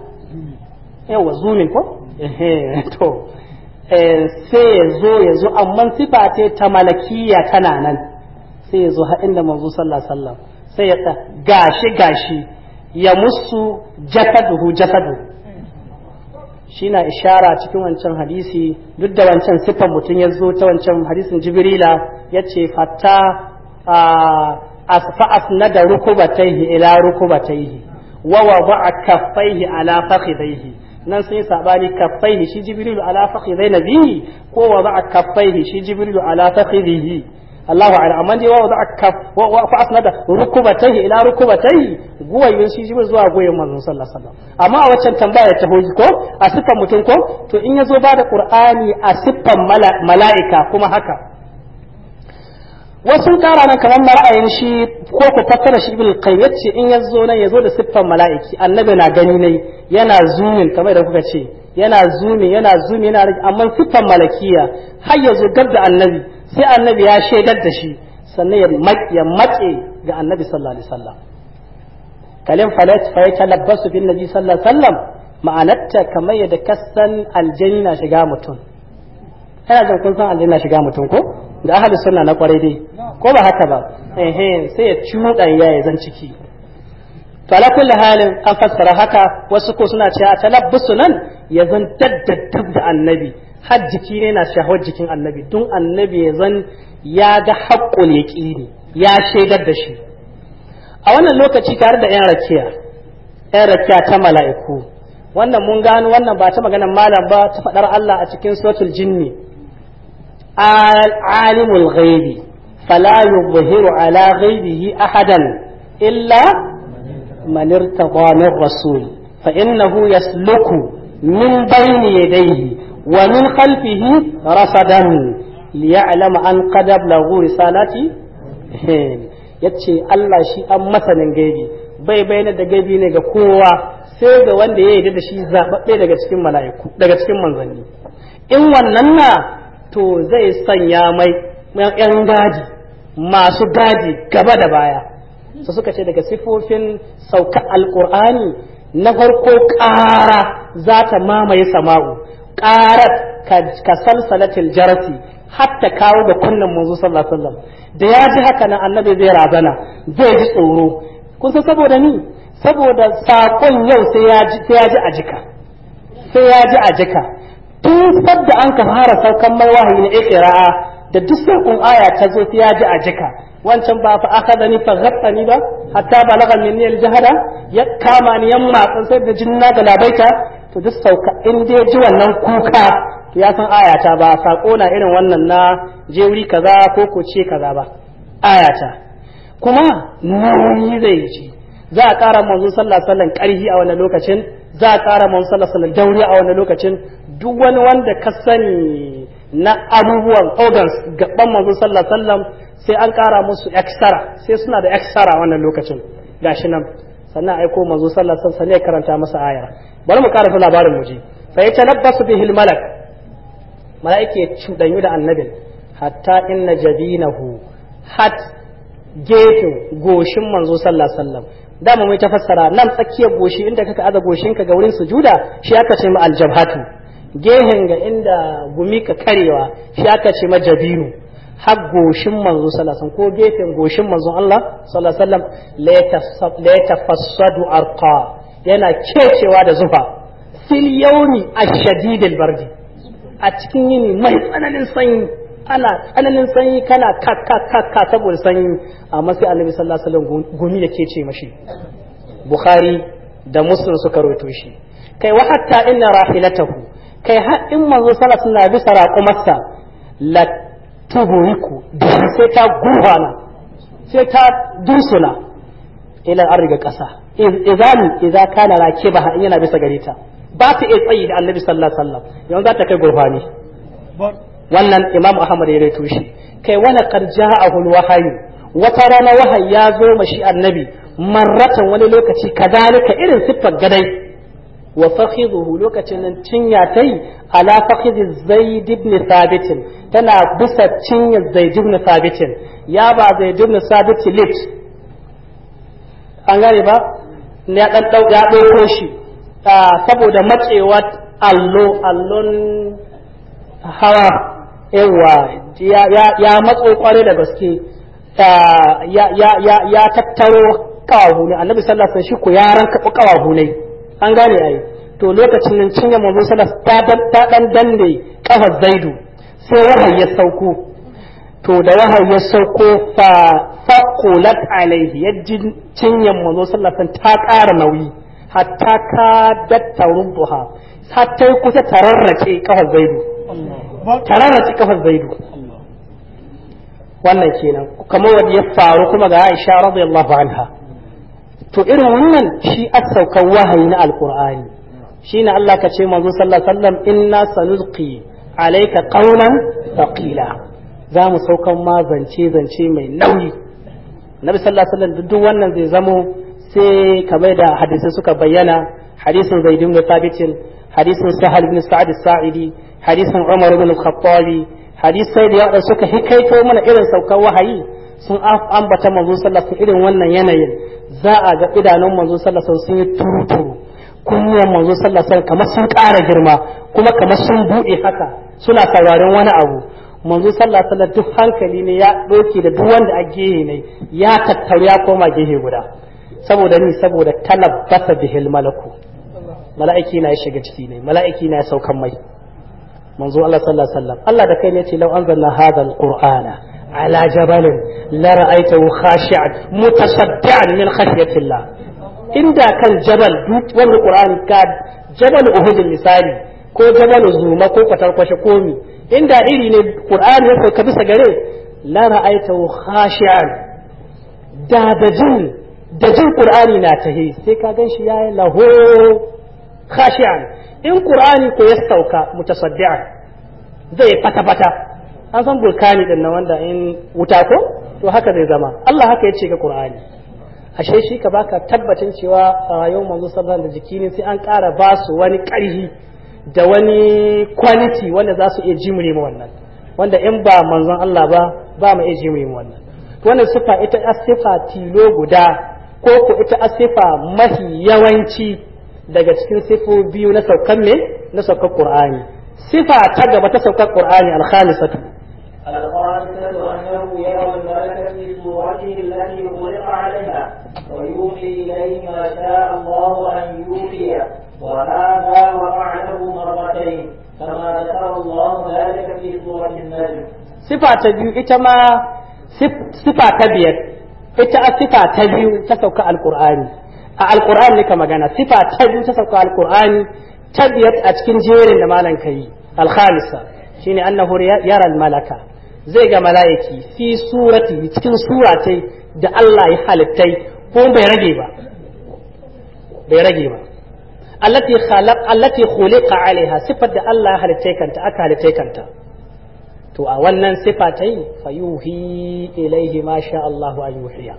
yawa zumin ko eh, eh, to Eh, sai ya zo ya zo amma sifa ce ta malakiya tana nan sai ya zo har inda manzo sallallahu alaihi sai ya ta gashi gashi ya musu jasaduhu jasadu shi na ishara cikin wancan hadisi duk da wancan sifan mutum ya zo ta wancan hadisin jibrila ya ce fata asfa'as na da rukubataihi ila rukubataihi wa wa kaffaihi ala fakhidaihi nan sun yi sabani kaffaihi shi jibrilu ala fakhidhi nabihi ko wa za'a kaffaihi shi jibrilu ala fakhidhihi Allahu ala amma dai wa za'a kaff wa fa asnada rukubatayhi ila rukubatayhi guwayin shi jibril zuwa goyen manzon sallallahu alaihi wasallam amma a waccan tambaya ta hoji ko a siffan mutum ko to in yazo ba da Kur'ani a siffan mala'ika kuma haka wasu kara nan kamar mara'ayin ra'ayin shi ko ku tattara shi bil qayyim yace in yazo zo nan ya zo da siffar mala'iki annabi na gani ne yana zumin kamar da kuka ce yana zumin yana zumin yana rage amma siffar malakiya har ya zo da annabi sai annabi ya shaidar da shi sannan ya maki ga annabi sallallahu alaihi wasallam kalim falat fa ya talabbasu bin nabi sallallahu alaihi wasallam ma'anarta kamar yadda kasan aljanna shiga mutum Kana jin kun san aljanna shiga mutum ko da ahalus sunna na kwarai dai ko ba haka ba eh sai ya cuɗan ya zan ciki to ala kulli halin an fassara haka wasu ko suna cewa talabbusu nan ya zan daddadab da annabi har jiki ne na shahawar jikin annabi tun annabi ya zan ya ga haƙƙul ne ya shaidar da shi a wannan lokaci tare da 'yan rakiya 'yan rakiya ta mala'iku wannan mun gano wannan ba ta maganar malam ba ta faɗar Allah a cikin suratul jinni alimul ghaibi fala yuzhiru ala ghaibihi ahadan illa man irtada min rasul fa innahu yasluku min bayni yadayhi wa min khalfihi rasadan liya'lama an qad ablaghu risalati yace Allah shi an masanin gaibi bai bayyana da gaibi ne ga kowa sai ga wanda ya yarda da shi zababbe daga cikin mala'iku in wannan na to zai sanya mai yan gadi masu gadi gaba da baya su suka ce daga sifofin sauka alkur'ani na farko ƙara za ta mamaye sama'u ƙarar ka salsalatin jarasi hatta kawo ga kunnen manzo sallallahu alaihi da ya ji haka nan annabi zai razana zai ji tsoro kun san saboda ni saboda sakon yau sai ya ji a jika sai ya ji a jika tun da an ka fara saukan mai wahayi na ikira'a da duk saƙon aya ta zo ta ji a jika wancan ba fa aka dani fa ghattani ba hatta balaga minni aljahada ya kama ni yamma san sai da jinna da labaita to duk sauka in dai ji wannan kuka to ya san ayata ba saƙo na irin wannan na je wuri kaza ko ko ce kaza ba ayata kuma nauyi zai ji za a ƙara manzo sallallahu alaihi wasallam karhi a wannan lokacin za a ƙara manzo sallallahu alaihi wasallam dauri a wannan lokacin duk wani wanda ka sani na abubuwan organs gaban manzon sallallahu alaihi wasallam sai an kara musu extra sai suna da extra wannan lokacin gashi nan sannan aiko manzo sallallahu alaihi wasallam ya karanta masa ayar bari mu karanta labarin mu ji fa ya tanabbasu bihil malak malaike ya cudanyu da annabin hatta inna jabinahu hat gefen goshin manzo sallallahu alaihi wasallam dama mai fassara nan tsakiyar goshi inda kaka aza goshinka ga wurin sujuda shi aka ce mu aljabhatu gehen ga inda gumi ka karewa shi aka ce majabinu har goshin manzo sallallahu ko gefen goshin manzo Allah sallallahu alaihi wasallam la tafassadu arqa yana kecewa da zufa fil yawmi ashadidil shadid a cikin yini mai tsananin sanyi ana tsananin sanyi kana kakka saboda sanyi a sai annabi sallallahu alaihi wasallam gumi yake ce mashi bukhari da muslim suka rawaito shi kai wa hatta inna rahilatahu kai har in manzo sallallahu alaihi wasallam bisa raqumarsa la tuburiku sai ta gurfana sai ta dursuna ila an kasa idan idan na rake ba in yana bisa gareta ba ta iya tsayi da annabi sallallahu alaihi wasallam yanzu za ta kai gurfani wannan imam ahmad ya rawaito shi kai wala qad a hulwa hayu wata rana wahayi ya zo mashi annabi marratan wani lokaci kadalika irin siffar gadai wa fakhidhuhu lokacin nan cinya tai ala fakhidhi zaid ibn thabit tana bisa cinya zaid ibn thabit ya ba zaid ibn thabit lit an gare ba ne ya dan dauka dauko shi ah, saboda matsewa allo allon hawa ewa ya matso kware da gaske ah, ya tattaro kawahuni annabi sallallahu alaihi wasallam shi ko yaran kafa kawahu an gane ai to lokacin nan cinyar manzo salaf ta dan danne ƙafar zaidu sai wahayi ya sauko to da wahayi ya sauko fa faqulat alaihi yajin cinyar manzo salaf ta ƙara nauyi hatta ka datta rubuha hatta kusa tararrace kafar zaidu tararrace kafar zaidu wannan kenan kamar wanda ya faru kuma ga Aisha radiyallahu anha to irin wannan shi asaukan wahayi na alkur'ani shine Allah ka ce manzo sallallahu alaihi wasallam inna sanulqi alayka qawlan thaqila za mu saukan ma zance zance mai nauyi nabi sallallahu alaihi wasallam duk wannan zai zamo sai kamar da hadisi suka bayyana hadisin zaid ibn thabit hadisin sahal bin sa'd saidi hadisin umar bin al-khattabi hadisai da suka hikaito mana irin saukan wahayi sun ambata manzo sallallahu irin wannan yanayin za a ga idanun manzo sallallahu sun yi turu-turu. kunnuwan manzo sallallahu kamar sun ƙara girma kuma kamar sun buɗe haka suna sauraron wani abu manzo sallallahu alaihi duk hankali ne ya doke da duk wanda a gehe ne ya tattaru ya koma gehe guda saboda ni saboda talabbasa bihil malaku mala'iki na ya shiga ciki ne mala'iki na ya saukan mai manzo Allah sallallahu alaihi wasallam Allah da kai ne ce law anzalna hadha alqur'ana على جبل لرأيته خاشعا متصدعا من خشية الله إن دا كان جبل دوت وان القرآن كاد جبل أهد المثالي كو جبل زوما كو قتل قشكومي إن دا إيري القرآن يقول كبسة قريب لرأيته خاشعا دا دجل دجل قرآني ناتهي سيكا قنش يا له خاشعا إن قرآني كو يستوكا متصدعا زي فتا فتا an san burkani din na wanda in wuta ko to haka zai zama Allah haka yace ga Qur'ani ashe shi ka baka tabbacin cewa rayuwar manzo sallallahu da jiki ne sai an ƙara ba su wani ƙarhi da wani quality wanda za su iya jimre mu wannan wanda in ba manzon Allah ba ba mu iya jimre mu wannan to wannan sifa ita asifa tilo guda ko ko ita asifa mahi yawanci daga cikin sifo biyu na saukan me na saukan Qur'ani sifa ta gaba ta saukar Qur'ani al-khalisatu إليه ita a sifa ta biyu sauka alkur'ani a Alƙur'ani ne ka magana sifa ta biyu sauka alkur'ani ta a cikin jerin da malan kai alhamisa shine annahu yaral malaka zai ga mala'iki fi surati cikin surati da Allah ya halittai ko bai rage ba bai rage ba allati khalaq allati khuliqa alaiha sifar da Allah halitta kanta aka halitta kanta to a wannan sifa ta fayuhi ilaihi ma sha Allahu an yuhiya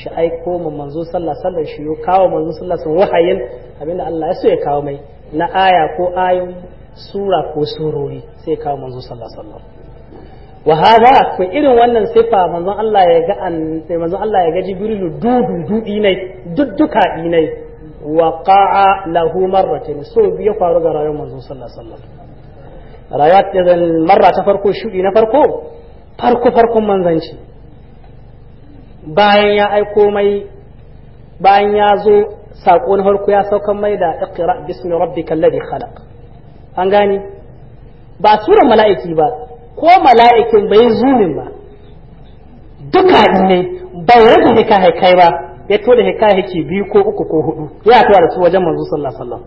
shi ai ko mun manzo sallallahu alaihi shi yo kawo manzo sallallahu alaihi wahayin abinda Allah ya so ya kawo mai na aya ko ayin sura ko surori sai kawo manzo sallallahu alaihi wa hada ko irin wannan sifa manzon Allah ya ga an sai manzon Allah ya ga jibrilu dudu dudi inai dudduka inai wa qa'a lahu marratin so biya faru ga rayuwar manzon sallallahu alaihi wasallam rayat idan marra ta farko shudi na farko farko farkon manzanci bayan ya aiko mai bayan ya zo sako na farko ya saukan mai da iqra bismi rabbikal ladhi khalaq an gani ba suran mala'iki ba ko mala'ikin bai zumin ba duka ne bai rage hikaye kai ba ya to da hikaye ke biyu ko uku ko hudu ya tuwa da su wajen manzo sallallahu alaihi wasallam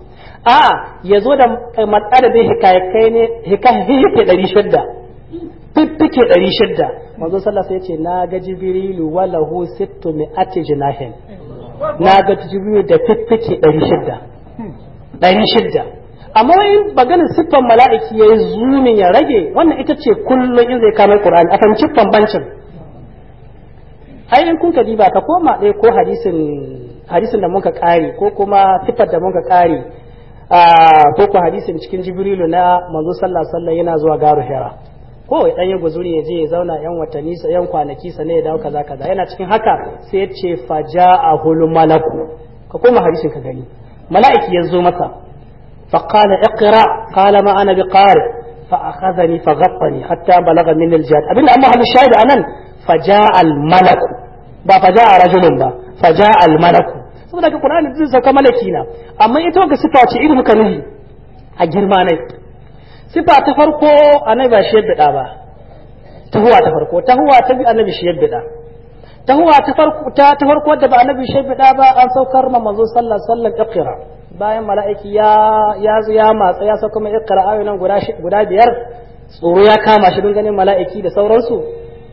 a ya zo da eh, adadin hikaye kai ne hikaye hikaye ɗari shidda fiffike ɗari shidda manzo sallallahu alaihi wasallam ya ce na ga jibrilu wa lahu sittu mi'ati jinahin na ga jibrilu da fiffike dari shidda ɗari shidda amma wai maganin siffan mala'iki ya yi zumin ya rage wannan ita ce kullum in zai kamar ƙur'ani a fahimci bambancin ai in kun kadi ba ka koma ɗaya ko hadisin hadisin da muka ƙari ko kuma siffar da muka ƙari ko ko hadisin cikin jibrilu na manzo sallallahu alaihi yana zuwa garu hira ko ya dan yi guzuri ya je ya zauna yan watanni sa yan kwanaki sa ne ya dawo kaza kaza yana cikin haka sai ya ce faja'ahul malaku ka koma hadisin ka gani mala'iki ya zo masa فقال اقرأ قال ما أنا بقارئ فأخذني فغطني حتى بلغ من الجهاد أبين أما هل الشاهد أنا فجاء الملك با فجاء رجل با فجاء الملك saboda ka Qur'ani zai sauka malaki na amma ita wanda sifa ce ibnu kamihi a girma ne sifa ta farko annabi ba shi yadda ba tahuwa ta farko tahuwa ta bi annabi shi yadda tahuwa ta farko ta farko da ba annabi shi yadda ba an saukar ma manzo sallallahu alaihi wasallam iqra bayan mala'iki ya ya zo ya matsa ya sauka mai ikra ayoyin guda guda biyar tsoro ya kama shi don ganin mala'iki da sauransu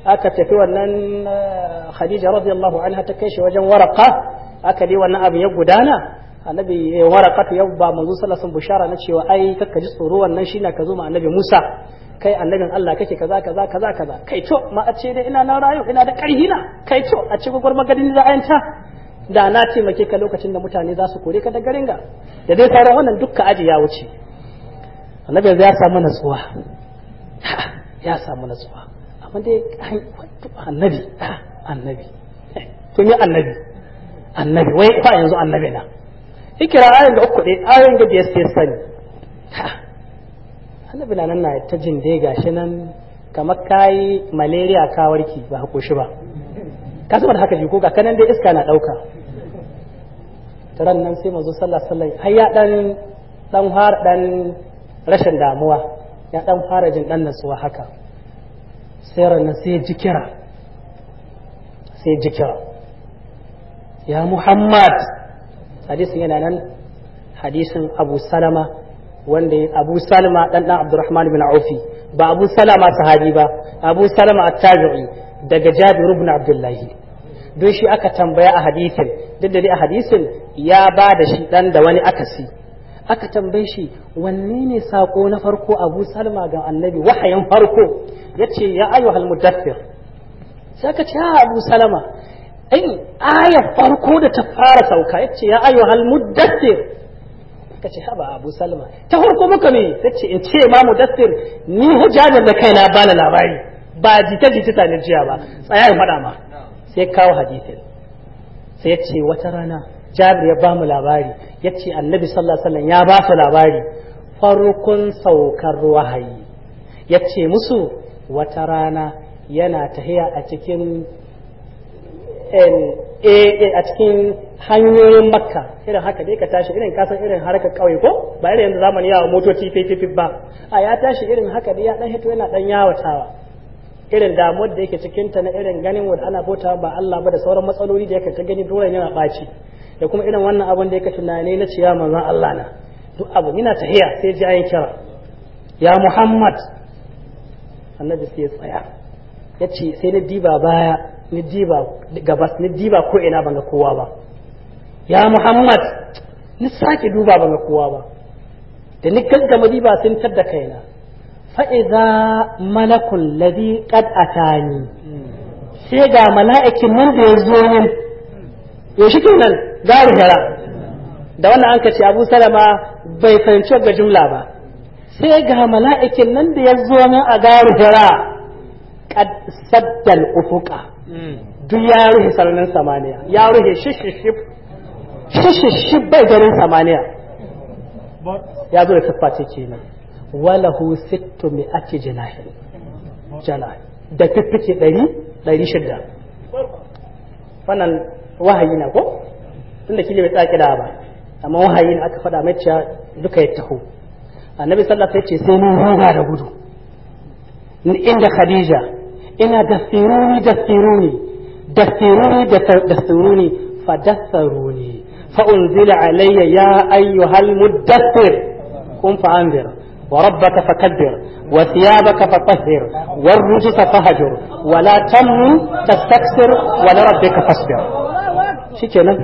aka tafi wannan eh, Khadija radiyallahu anha ta kai shi wajen waraka aka dai wannan abu ya gudana annabi eh, waraqatu ya ba manzo sallallahu bushara na cewa ai kakka ji tsoro wannan shine ka zo ma annabi Musa kai annabin Allah kake kaza kaza kaza kaza kai to ma a ce dai ina na rayu ina da karhi na kai to a ce gwagwar magadin za a yanta da na taimake ka lokacin da mutane za su kore ka da garin ga da dai sauran wannan dukka aji ya wuce annabi ya samu nasuwa ya samu nasuwa amma dai annabi annabi eh, to me annabi annabi wai fa yanzu annabi na ikira ayin da uku dai ayin da da sai sani annabi na nan na ta jin dai gashi nan kamar kai malaria ka warki ba hakoshi ba ka da haka ji ko ga kanan dai iska na ɗauka ran nan sai mazu sallah sallah har ya ɗan fara rashin damuwa ya ɗan fara jin dan nasuwa haka sai ran sai ji kira sai ji kira ya muhammad hadisin yana nan hadisin abu salama wanda abu salama ɗan ɗan abdurrahman bin aufi ba abu salama sahabi ba abu salama at daga Jabir ibn Abdullahi don shi aka tambaya a hadisin duk da a hadisin ya ba da shi dan da wani akasi aka tambaye shi wanne ne sako na farko Abu Salma ga Annabi wahayin farko yace ya ayyuhal mudaffir sai aka ce Abu Salama ai aya farko da ta fara sauka yace ya ayyuhal mudaffir aka ce haba Abu Salma ta farko muka ne ce in ce ma mudaffir ni hujjar da kaina bana labari ba jita jita ta jiya ba tsaya in faɗa ma sai kawo hadisin sai ya ce wata rana jabir ya ba mu labari ya ce annabi sallallahu alaihi wasallam ya ba su labari farkon saukar wahayi ya ce musu wata rana yana tahiya a cikin eh, eh, a cikin hanyoyin makka irin haka dai ka tashi irin kasan irin harkar kawai ko ba irin yadda zamani yawa motoci fififi ba a ya tashi irin haka dai ya dan hito yana dan yawatawa irin damuwar da yake cikin ta na irin ganin wanda ana bota ba Allah ba da sauran matsaloli da yake ta gani dole yana baci da kuma irin wannan abin da yake tunani na ciya manzon Allah na duk abu ina tahiya sai ji ayin kira ya Muhammad annabi sai ya tsaya ya ce sai na diba baya ni diba gabas ni diba ko ina ga kowa ba ya Muhammad ni sake duba ga kowa ba da ni gaggama diba sun tadda kaina fa'iza malakun ladi kad atani sai ga mala'ikin mun da ya zo min ya shi kenan gari hira da wannan an ka kace Abu Salama bai fahimci ga jumla ba sai ga mala'ikin nan da ya zo min a gari hira kad saddal ufuqa duk ya ruhe sararin samaniya ya ruhe shishishib shishishib bai garin samaniya ya zo da siffa ce kenan وله ستمائة جناح جناح ده تبكي داري داري شدة فانا وهاينا كو تنده كيلي بتاك دابا اما وهاينا اكا فدا متشا لكا يتخو النبي صلى الله عليه وسلم سيني هنا رغدو عند خديجة إنا دثروني دثروني دثروني دثروني فدثروني فأنزل علي يا أيها المدثر قم فأنذر وربك فكبر وثيابك فطهر والرجس فهجر ولا تمن تستكثر ولربك فاصبر shikenan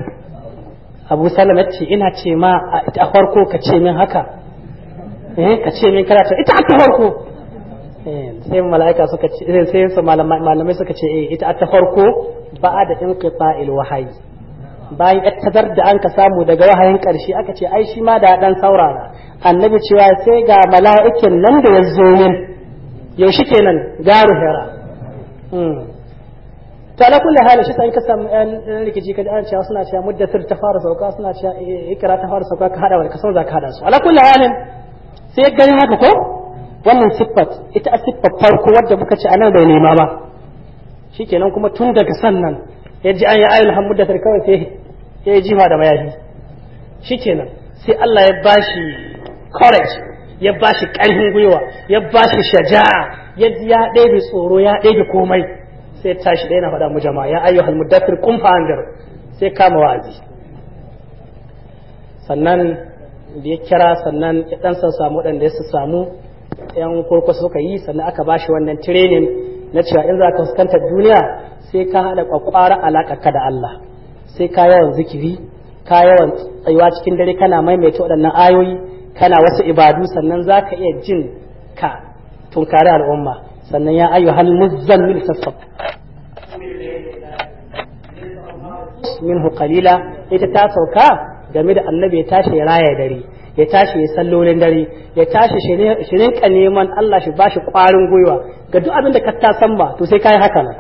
abu salama ce ina ce ma a farko ka ce min haka eh ka ce min karata sai mala'ika suka ce sai malamai suka ce eh ita a farko ba'a da inqita'il wahayi bayan ya tazar da an ka samu daga wahayin ƙarshe aka ce ai shi ma da ɗan saurara annabi cewa sai ga mala'ikin nan da ya zo min yaushe kenan garu hera hmm. ta na kulli hali shi ta in ka samu ɗan rikici ka an cewa suna cewa muddatir ta fara sauka suna cewa ikra ta fara sauka ka hada wani kasar za ka hada su ala kulli halin sai ganin haka ko wannan siffat ita a siffar farko wadda muka ce nan bai nema ba shikenan kuma tun daga sannan ya ji an yi ayyul da kawai sai ya yi jifa da mayafi shikenan sai Allah ya bashi courage ya bashi ƙarfin gwiwa ya bashi shaja'a ya ya ɗebe tsoro ya ɗebe komai sai tashi ɗaya na faɗa mu jama'a ya ayyuhal muddathir qum fa sai kama wa'azi sannan da ya kira sannan ya ɗan san samu waɗanda ya su samu yan kurkusa suka yi sannan aka bashi wannan training na cewa in za ka fuskantar duniya sai ka haɗa kwakwara alaƙa ka da Allah sai ka yawan zikiri ka yawan tsayuwa cikin dare kana maimaita waɗannan ayoyi kana wasu ibadu sannan za ka iya jin ka tunkari al'umma sannan ya ayyuhal muzammil sassab minhu qalila ita ta sauka game da annabi ya tashi ya raya dare ya tashi ya sallolin dare ya tashi shirin ka neman Allah shi bashi kwarin gwiwa ga duk abin da ka ta san ba to sai kai haka nan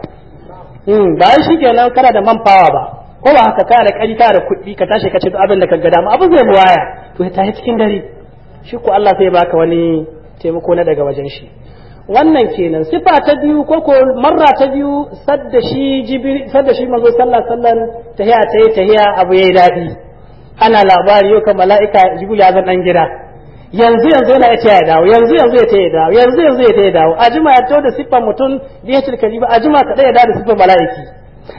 Hmm, ba shi kenan kana da man fawa ba ko ba haka kana da kari kana da kuɗi ka tashi ka ce abin da ka ga dama abu zai waya to ta yi cikin dare shi ko Allah sai baka wani taimako na daga wajen shi wannan kenan sifa ta biyu ko ko marra ta biyu sadda shi jibril sadda shi manzo sallallahu alaihi wasallam tahiya tayi tahiya abu yayi dadi ana labari yau ka mala'ika jibril ya zan dan gida yanzu yanzu yana ce ya dawo yanzu yanzu ya ce ya dawo yanzu yanzu ya ce ya dawo a jima to da siffar mutum da yace kaji ba a jima kadai ya dawo da siffar mala'iki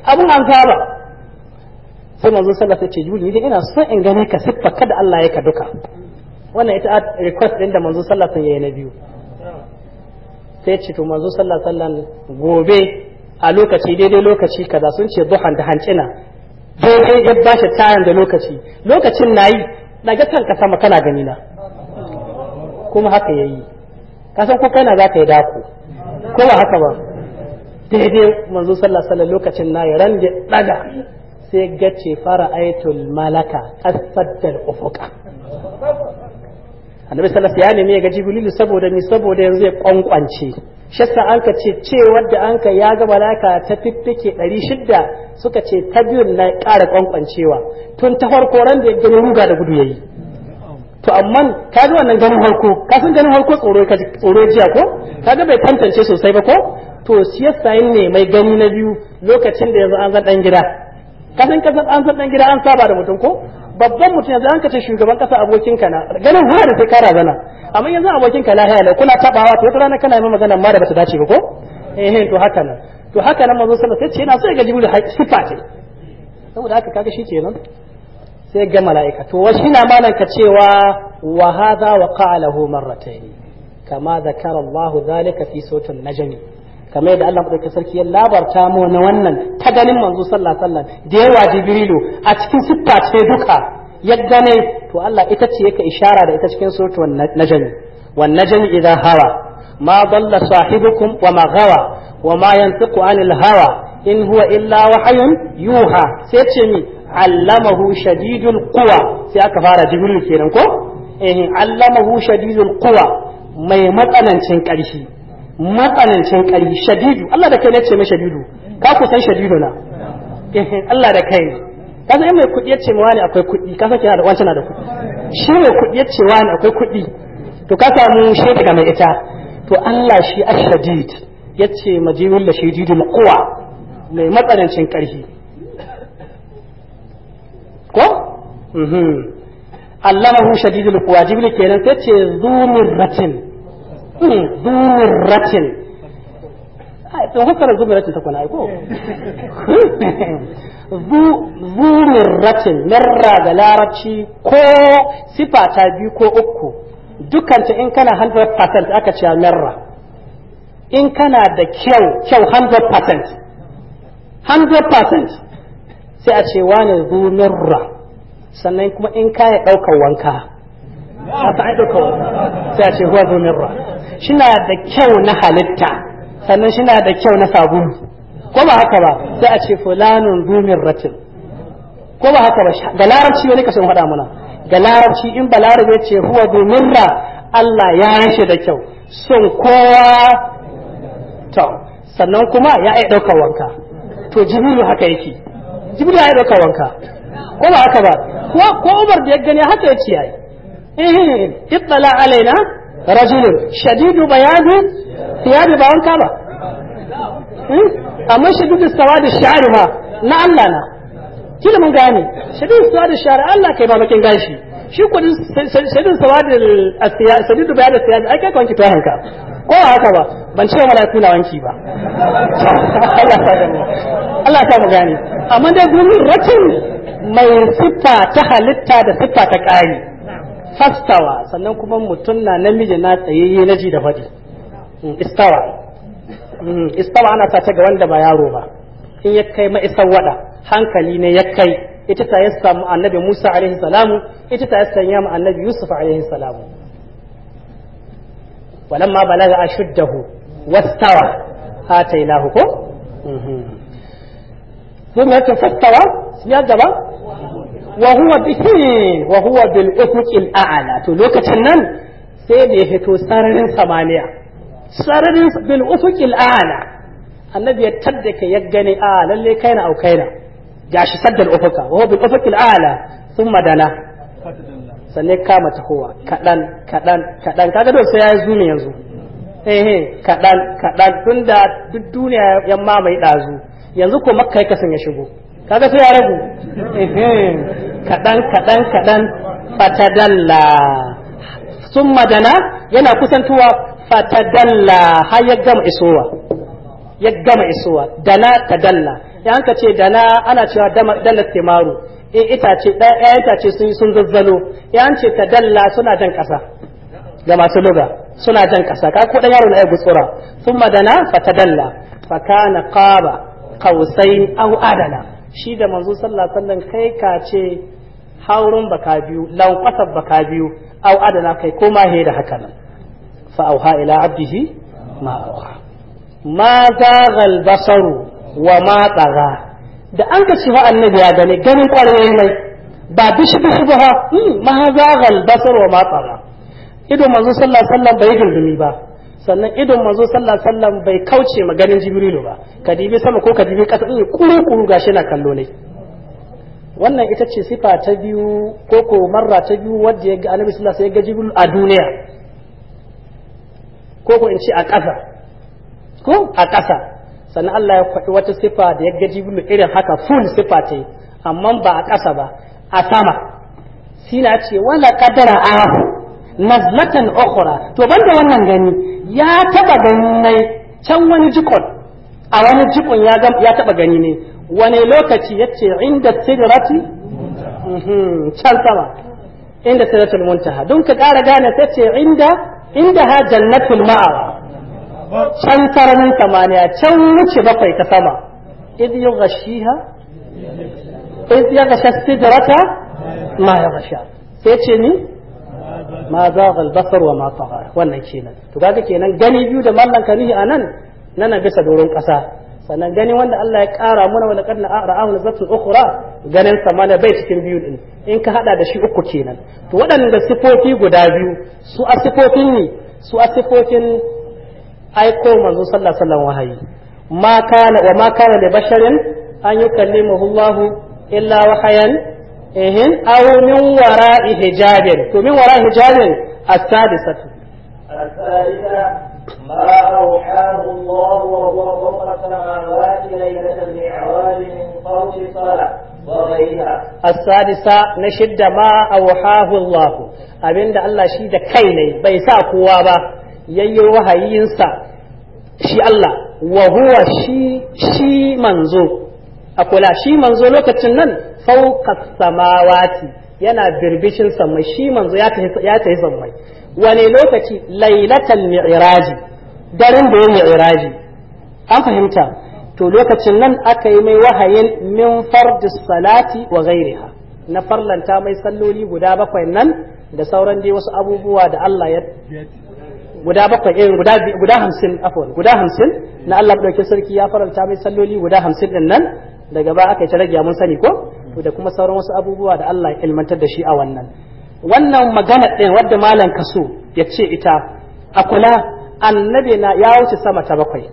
abin an saba sai manzo sallar alaihi ce ya ce ina son in gane ka siffa kada Allah ya ka duka wannan ita request din da manzo sallallahu alaihi yayi yi na biyu sai ce to manzo sallar sallan gobe a lokaci daidai lokaci kaza sun ce duhan da hancina daidai ya bashi tayan da lokaci lokacin nayi daga kanka sama kana ganina kuma haka yayi kasan ko kaina za ka yi dako ko ba haka ba daidai manzo sallallahu alaihi lokacin na ya range daga sai gace fara aitul malaka asaddal ufuka annabi sallallahu alaihi wasallam ya ga jibrilu saboda ni saboda yanzu ya kwankwance shassa an ka ce cewar da an ka ya ga malaka ta fiffike 600 suka ce ta na ƙara kwankwancewa tun ta farko ran da ya gani ruga da gudu yayi to amma ka ji wannan ganin harko ka san ganin harko tsoro ka tsoro jiya ko ka ga bai tantance sosai ba ko to siyasa yin ne mai gani na biyu lokacin da yanzu an zan dan gida ka san kasan an zan dan gida an saba da mutum ko babban mutum yanzu an kace shugaban kasa abokin ka na ganin har da sai kara zana amma yanzu abokin ka lahiya ne kuna tabawa to wata kana yi magana ma da bata dace ba ko eh to haka nan to haka nan mazo sallallahu alaihi wasallam sai ce yana so ya ga jibril haƙiƙa ce saboda haka kaga shi kenan sai ga mala'ika to wasu na malanka cewa wa hadha waqa'a lahu marratayn kama zakara Allahu zalika fi sautin najmi kamar da Allah madaukakin sarki ya labarta mu na wannan ta ganin manzo sallallahu alaihi da yawa jibrilu a cikin siffa ce duka ya gane to Allah ita ce yake ishara da ita cikin suratul najmi wan najmi idha hawa ma dalla sahibukum wa ma ghawa wa ma yantiqu anil hawa in huwa illa wahyun yuha sai ce mi allamahu shadidul quwa sai aka fara jibril kenan ko eh allamahu shadidul quwa mai matsanancin ƙarfi matsanancin ƙarfi shadidu Allah da kai ne ce mai shadidu ka ku san shadidu na eh Allah da kai ka san mai kudi yace wani akwai kuɗi ka san kina da wancan da kuɗi shi mai kuɗi yace wani akwai kuɗi to ka samu shi daga mai ita to Allah shi ashadid yace majibul shadidul quwa mai matsanancin ƙarfi ko mhm. allamahu shadidul quwa jibril kenan sai ce ratin. Hmm, ratin. Ai to haka da ratin ta kwana aiko hmm. ratin marra da larabci ko sifa ta biyu ko uku ta in kana 100% aka ce marra in kana da kyau kyau 100% 100% sai a ce wane zunurra sannan kuma in ka ya ɗaukar wanka a wanka sai a ce huwa shi na da kyau na halitta sannan shi na da kyau na sabulu ko ba haka ba sai a ce fulanun zunurratin ko ba haka ba ga larabci wani kashin haɗa muna ga larabci in ba larabe ce huwa zunurra Allah ya rashe da kyau son kowa to sannan kuma ya ai ɗaukar wanka to jibrilu haka yake jibril ya ɗauka wanka ko ba haka ba ko umar da ya gani haka ya ce yayi eh ittala alaina rajulun shadidu bayadu tiyabi ba wanka ba eh, amma shadidu sawadu sha'ri ma na Allah na kila mun gane shadidu sawadu shari'a Allah kai ba bakin gashi shi kudin shadin sabadin asiya da bayan asiya ai kai wanki ko haka ba ban ce malaiku kuna wanki ba Allah ta gani amma dai gurin rakin mai siffa ta halitta da siffa ta kari fastawa sannan kuma mutum na namiji na tsayayye na ji da fadi hmm, istawa hmm, istawa ana sa ta ga wanda ba yaro ba in ya kai ma isar wada hankali ne ya kai ita ta yassa mu annabi Musa alaihi salamu ita ta yassa ya mu annabi Yusuf alaihi salamu walamma balaga ashuddahu wastawa atainahu ko mhm. mun ga ta fastawa ya gaba wa huwa bihi wa huwa bil ufuqil a'la to lokacin nan sai da ya fito sararin samaniya sararin bil ufuqil a'la annabi ya tadda ka ya gane a ah, lalle kaina au kaina gashi saddar ufuka wa huwa bil ufuqil a'la thumma dana sannan kama tahowa kadan kadan kadan kaga don sai ya zume yanzu eh eh kadan kadan da duk duniya ya mamaye dazu yanzu ko makka ya kasan ya shigo kaga sai ya ragu eh kadan kadan kadan fatadalla summa dana yana kusantuwa fatadalla har ya gama isowa ya gama isowa dana tadalla idan ka ce dana ana cewa dalla timaru in itace ɗaya itace sun sun zazzalo yan ce ta dalla suna jan ƙasa ga masu luga suna jan ƙasa ka ko dan yaro na ya gutsura sun madana fa ta dalla fa kana qaba qausain aw adana shi da manzo sallallahu alaihi wasallam kai ka ce haurun baka biyu lankwasar baka biyu aw adana kai ko ma he da haka nan fa auha ila abdihi ma auha ma zaghal basaru wa ma da an ka cewa annabi ya gane ganin kwarai mai ba bishi bishi ba hmm, ma zagal galbasar wa ma idon manzo sallallahu bai gundumi ba sannan idon manzo sallallahu alaihi bai kauce ma ganin jibrilu ba kadibi sama ko kadibi kasa in hmm, kuru kuru gashi na kallo ne wannan ita ce sifa ta biyu ko ko marra ta biyu wadda ya ga annabi sallallahu alaihi ya ga jibrilu a duniya ko ko in ce a ƙasa ko a ƙasa sannan Allah ya kwaɗi wata sifa da ya ga jibrilu irin haka full sifa ce amma ba a ƙasa ba a sama sina ce wala qadara a nazlatan ukhra to banda wannan gani ya taba ganin can wani jikon a wani jikon ya ya taba gani ne wani lokaci yace inda sidrati mhm, can sama inda sidratul muntaha don ka ƙara gane sai ce inda inda ha jannatul ma'awa can sararin samaniya can wuce bakwai ta sama idh yughashiha idh yaghsha sidrata ma yaghsha sai ce ni ma zaghal basar wa ma tagha wannan kenan to kaga kenan gani biyu da mallan kanihi nan nana bisa doron kasa sannan gani wanda Allah ya ƙara mana wanda kadna ra'ahu nazatun ukhra ganin sama bai cikin biyu din in ka hada da shi uku kenan to waɗanda sifofi guda biyu su a sifofin ne su a sifofin ai ko manzo sallallahu alaihi wasallam wahayi ma kana wa ma kana li basharin an yukallimuhu Allah illa wahayan ehin aw min wara'i hijabin to min wara'i hijabin as-sadisatu as sadisa ما أوحاه الله وهو فوق السماوات ليلة المعراج من قول صلاة وغيرها السادسة نشد ما أوحاه الله أبين الله شيد كيني بيسا قوابا yayyo wahayinsa shi Allah wa huwa shi shi manzo kula shi manzo lokacin nan fawqa samawati yana birbishin samai shi manzo ya tafi ya tafi samai wane lokaci lailatal mi'raji darin da ya mi'raji an fahimta to lokacin nan aka yi mai wahayin min fardis salati wa ghairiha na farlanta mai salloli guda bakwai nan da sauran dai wasu abubuwa da Allah ya guda bakwai irin eh, guda guda hamsin afon guda hamsin na Allah ɗauki sarki ya faranta mai salloli guda hamsin ɗin nan daga ba aka yi ta rage mun sani ko da kuma sauran wasu abubuwa da Allah ya ilmantar da shi a wannan wannan magana ɗin wadda malam kaso ya ce ita a kula annabi na ya wuce sama ta bakwai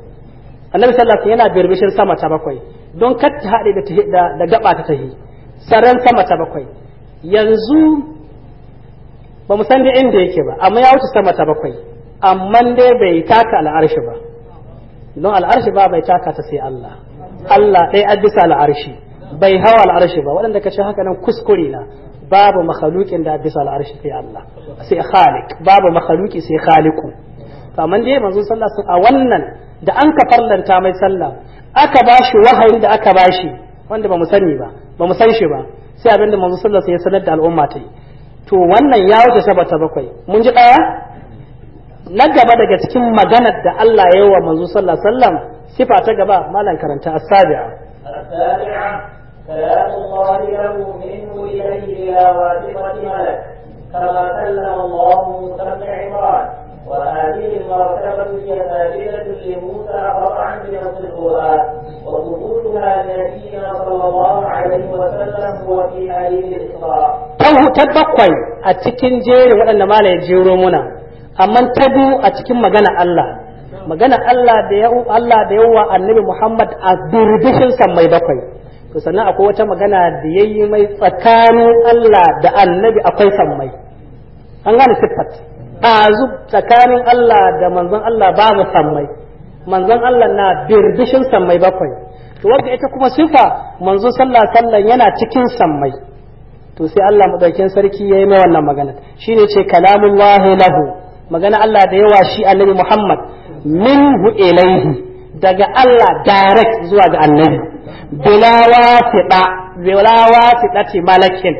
annabi sallallahu yana birbishin sama ta bakwai don kar ta haɗe da da gaba ta tahi saran sama ta bakwai yanzu ba mu san da inda yake ba amma ya wuce sama ta bakwai amma dai bai taka al'arshi ba don al'arshi ba bai taka ta sai Allah Allah ɗaya a bisa al'arshi bai hawa al'arshi ba waɗanda ka ce haka nan kuskure na babu makhluqin da bisa al'arshi sai Allah sai khaliq babu makhluqi sai khaliqu to amma dai manzon sallah a wannan da an ka farlanta mai sallah aka bashi wahayin da aka bashi wanda ba mu sani ba ba mu san shi ba sai abinda manzon sallah ya sanar da al'umma ta yi to wannan ya wuce sabata bakwai mun ji ɗaya. na gaba daga cikin maganar da Allah ya yi wa manzo sallallahu alaihi wasallam sifa ta gaba malam karanta as-sabi'a as-sabi'a كلام الله له منه إليه إلى واسطة ملك كما كلم الله موسى بن عمران وهذه المرتبة هي سابقة لموسى قطعا بنص القرآن وثبوتها لنبينا صلى الله عليه وسلم هو في حديث الإسراء. Kan hutar bakwai a cikin jerin waɗanda mala ya jero muna amma ta biyu a cikin magana Allah magana Allah da ya Allah da yawa annabi Muhammad a birbishin san mai bakwai to sannan akwai wata magana da yayi mai tsakanin Allah da annabi akwai san mai an gane sifat azu tsakanin Allah da manzon Allah babu san mai manzon Allah na birbishin san mai bakwai to wanda ita kuma sifa manzo sallallahu alaihi wasallam yana cikin san mai to sai Allah madaukin sarki yayi mai wannan magana shine ce kalamullahi lahu magana Allah da yawa shi annabi Muhammad minhu ilaihi daga Allah direct zuwa ga annabi bila wasita bila wasita ce malakin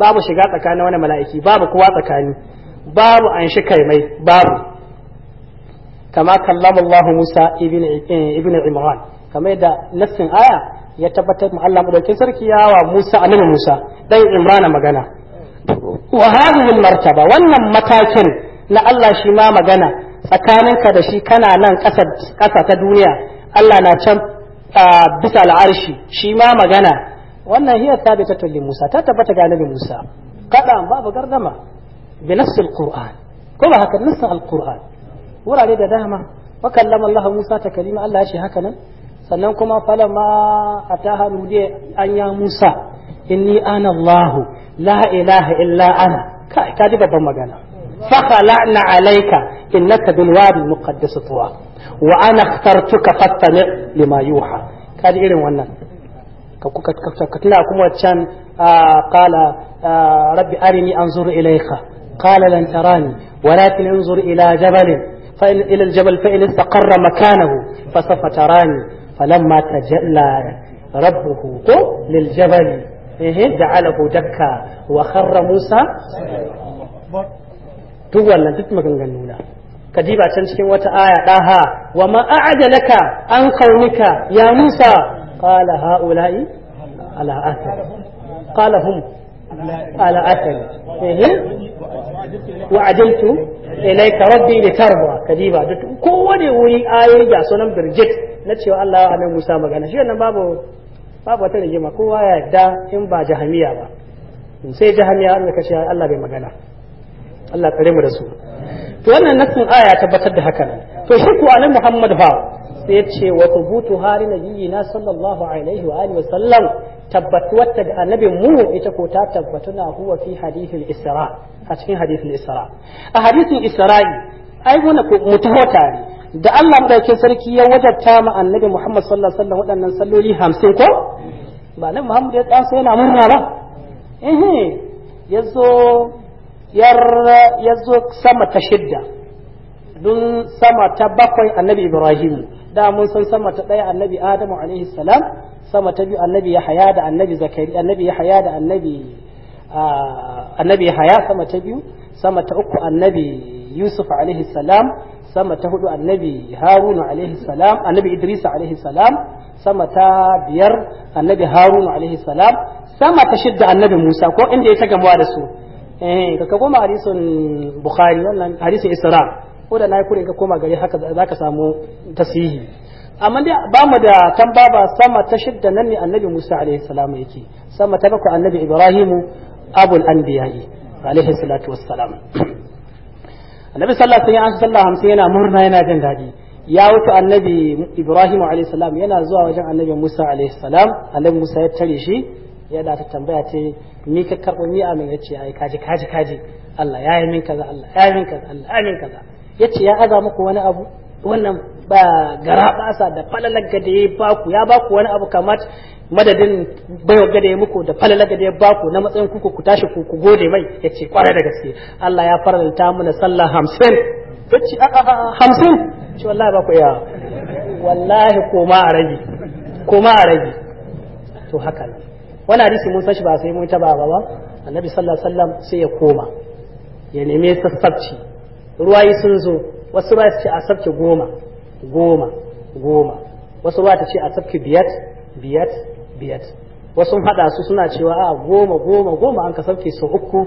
babu shiga tsakanin wani mala'iki babu kowa tsakani babu an shi kai mai babu kama kallama Allah Musa ibn Imran kamar yadda nassin aya ya tabbatar mu Allah madaukin sarki ya wa Musa annabi Musa dan Imran magana wa hadhihi martaba wannan matakin na Allah shi ma magana tsakaninka da shi kana nan ƙasa ta duniya Allah na can bisa al'arshi shi ma magana wannan hiyar ta bai ta tulli Musa ta tabbata ga Nabi Musa kada babu gardama bi nassil Qur'an ko ba haka nassin al wurare da dama wa kallama Allah Musa ta kalima Allah ya ce haka nan sannan kuma falama ataha nudiya an ya Musa inni ana Allah la ilaha illa ana kai ka ji babban magana فخلعنا عليك إنك بالوادي المقدس طوى وأنا اخترتك فاستمع لما يوحى كان إيرن وانا كتنا كما واتشان آه، قال آه، ربي أرني أنظر إليك قال لن تراني ولكن انظر إلى جبل فإن إلى الجبل فإن استقر مكانه فسوف تراني فلما تجلى ربه للجبل إيه، جعله دكا وخر موسى duk wannan duk maganganu na ka diba can cikin wata aya daha wa ma a'ajalaka an kaunika ya Musa qala haula'i ala athar qala hum ala athar wa ajaltu ilayka rabbi litarda ka diba duk kowane wuri ayoyi ga sunan birjit na cewa Allah ya annabi Musa magana shi wannan babu babu wata rigima kowa ya yarda in ba jahamiya ba sai jahamiya Allah ka ce Allah bai magana Allah mu da su to wannan nassin aya ya tabbatar da haka nan to shi ku Muhammad fa sai yace wa thubutu hari nabiyina sallallahu alaihi wa alihi ta mu ita ko ta tabbatu na huwa fi hadithul isra a cikin isra a hadithin isra'i ai da Allah madaukin sarki ya wajabta ma annabi Muhammad sallallahu alaihi wasallam salloli ko ba nan Muhammad ya yana murna ba eh ya zo ya zo sama ta shidda dun sama ta bakwai annabi ibrahim da mun san sama ta ɗaya annabi adamu alaihi salam sama ta biyu annabi ya haya da annabi zakari annabi ya haya da annabi annabi haya sama ta biyu sama ta uku annabi yusuf alaihi salam sama ta hudu annabi haruna alaihi salam annabi idris alaihi salam sama ta biyar annabi haruna alaihi salam sama ta shidda annabi musa ko inda ya ta gamuwa da su eh ka koma hadisin bukhari wannan hadisin isra ko da na yi ka koma gari haka za ka samu tasihi amma dai ba mu da tamba ba sama ta shidda nan ne annabi musa alaihi salam yake sama ta bakwai annabi Ibrahim abul anbiya'i alaihi salatu wassalam annabi sallallahu alaihi wasallam sallah hamsin yana murna yana jin daɗi ya wuce annabi ibrahim alaihi salam yana zuwa wajen annabi musa alaihi salam annabi musa ya tare shi yana ta tambaya yi ni ka karɓo ni amin ya ce ai kaji kaji kaji Allah ya yi min kaza Allah ya yi min kaza Allah ya yi min kaza ya ce ya aza muku wani abu wannan ba gara basa da falalar gada ya baku ya baku wani abu kamar madadin baiwa gada ya muku da falalar gada ya baku na matsayin kuku ku tashi ku ku gode mai ya ce kwarai da gaske Allah ya faranta mana sallah hamsin ya ce a hamsin ce wallahi ba ku iya wallahi koma a rage koma a rage to haka ne wani hadisi mun san shi ba sai mun taba ba ba annabi sallallahu alaihi wasallam sai ya koma ya neme sassabci ruwayi sun zo wasu ba su ce a sabke goma goma goma wasu ruwa ta ce a sabke biyat biyat biyat wasu hada su suna cewa a goma goma goma an ka sabke sau uku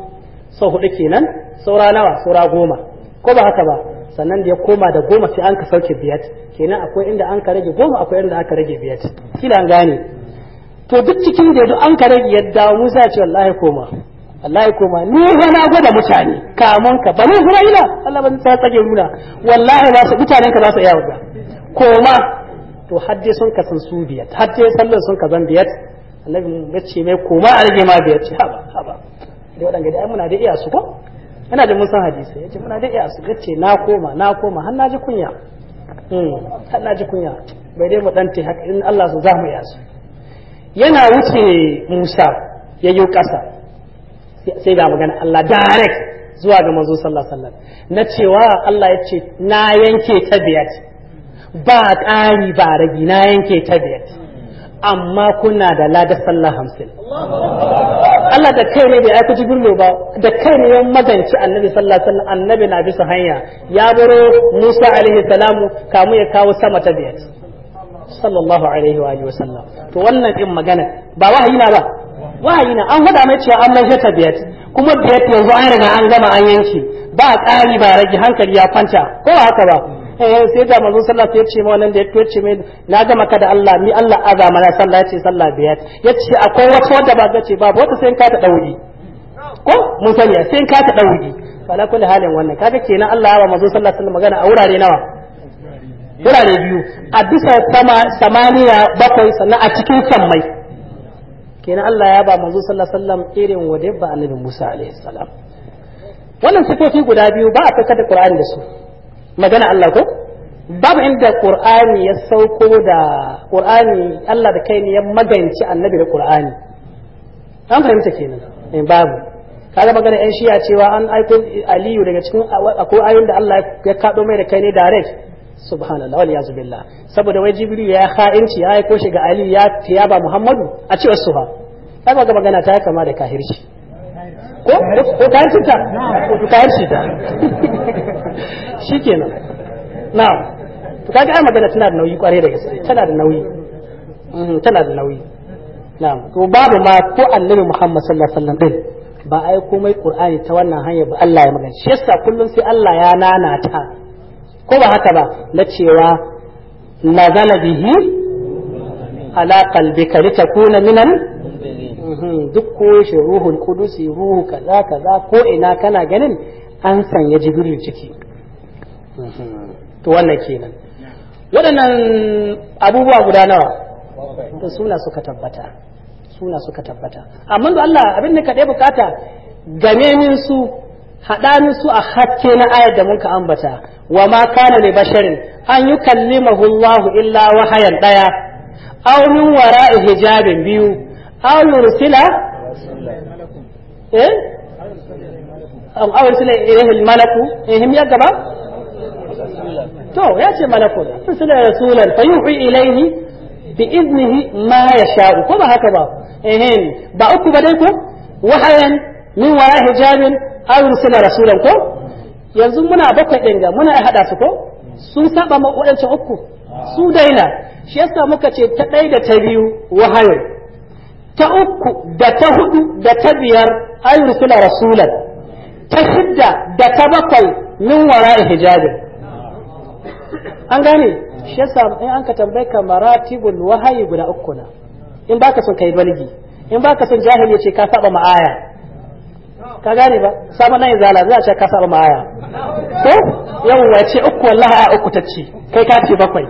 sau hudu kenan saura nawa saura goma ko ba haka ba sannan da ya koma da goma sai an ka sauke biyat kenan akwai inda an ka rage goma akwai inda aka rage biyat kila an gane to duk cikin da an kare rage yadda Musa ce wallahi koma wallahi koma ni fa na gwada mutane kamun ka bani Isra'ila Allah ban ta tsage muna wallahi ba su mutanen ka za su iya wuta koma to hadde sun ka san su biyat hadde sallan sun ka zan biyat annabi ya ce mai koma a rage ma biyat ce haba haba da waɗanda da muna da iya su ko ina da mun san hadisi ya ce muna da iya su gace na koma na koma har na ji kunya hmm, har na ji kunya bai dai mu ɗan haka in Allah su za mu iya su yana wuce Musa ya yi ƙasa sai ga magana Allah direct zuwa ga manzo sallallahu alaihi na cewa Allah ya ce na yanke ta biyar ba ƙari ba ragi na yanke ta biyar amma kuna da lada sallah hamsin Allah da kai ne bai aika jibrilu ba da kai ne ya maganci annabi sallallahu alaihi wasallam annabi na bisa hanya ya baro Musa alaihi salamu kamu ya kawo sama ta biyar. sallallahu alaihi wa alihi wasallam to wannan din magana ba wahayi na ba wahayi na an faɗa mai cewa an mai ta biyat kuma biyat yanzu an riga an gama an yanke ba ƙari ba rage hankali ya kwanta ko haka ba Eh sai da manzon sallah ya ce ma wannan da ya ce mai na gama ka da Allah ni Allah azama na sallah ya ce sallah biyat ya ce akwai wata wanda ba zace ce ba wata sai ka ta dauki ko mun sani sai ka ta fa la kulli halin wannan kaga kenan Allah ya ba manzon sallah sallah magana a wurare nawa wurare biyu a bisa sama samaniya bakwai sannan a cikin sammai kenan Allah ya ba manzo sallallahu alaihi wasallam irin wadai ba annabi Musa alaihi salam wannan sifofi guda biyu ba a kaka da Qur'ani da su magana Allah ko babu inda Qur'ani ya sauko da Qur'ani Allah da kai ne ya maganci annabi da Qur'ani an fahimta kenan in eh, babu kaga magana shi shiya cewa an aiko Aliyu daga cikin akwai ayoyin da Allah ya kado mai da kai ne direct subhanallah wal yazu billah saboda wai jibril ya kha'inci ya aiko shi ga ali ya tiyaba muhammadu a cewar su fa ai ba ga magana ta kama da kahirci ko ko kahirci ta ko kahirci ta shikenan na'am to kaga ai magana tana da nauyi kware da gaske tana da nauyi mhm, tana da nauyi na'am to babu ma ko annabi muhammad sallallahu alaihi wasallam din ba ai komai qur'ani ta wannan hanya ba Allah ya magana shi yasa kullun sai Allah ya nanata ko ba haka ba na cewa zana bihi ala ta kuna minan duk ko shi ruhun kudusi ruhu kaza kaza ko ina kana ganin an sanya jibril ciki to wannan kenan waɗannan abubuwa guda nawa suna suka tabbata suna suka tabbata amma da Allah abin da ka bukata game su haɗanin su a hakke na ayar da mun ka ambata wa ma kana ne basharin an yi yukallimahu Allah illa wahayan ɗaya aw min wara'i hijabin biyu aw yursila eh aw yursila ilayhi al-malaku eh him ya gaba to ya ce malaku yursila rasulan fayuhi ilayhi bi iznihi ma yasha'u ko ba haka ba eh ba uku ba dai ko wahayan min wara'i hijabin an rusula rasulan ko yanzu muna bakwai ɗin ga muna haɗa su ko sun saba ma waɗancan uku su daina shi yasa muka ce ta ɗaya da ta biyu wahayo ta uku da ta hudu da ta biyar an rasulan ta shidda da ta bakwai min wara hijabin an gane shi yasa in an ka tambaye ka maratibul wahayi guda uku na in baka son kai balgi in baka son jahili ce ka saba ma aya ka gane ba sabon nan zala za a ce kasar maya ma aya ko ce uku wallahi aya uku ta ce kai ka ce bakwai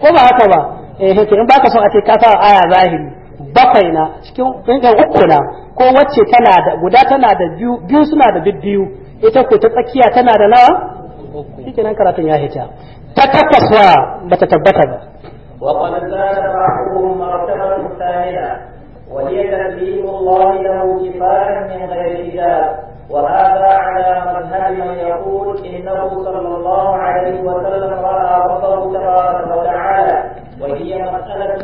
ko ba haka ba eh to in baka son a ce ka saba aya zahiri bakwai na cikin uku na ko wacce tana da guda tana da biyu biyu suna da biyu ita ko ta tsakiya tana da nawa nan karatun ya hita ta takwas wa bata tabbata ba وهي تكليم الله له كفاية من غير حجاب وهذا على مذهب من يقول إنه صلى الله عليه وسلم رأى ربه تبارك وتعالى وهي مسألة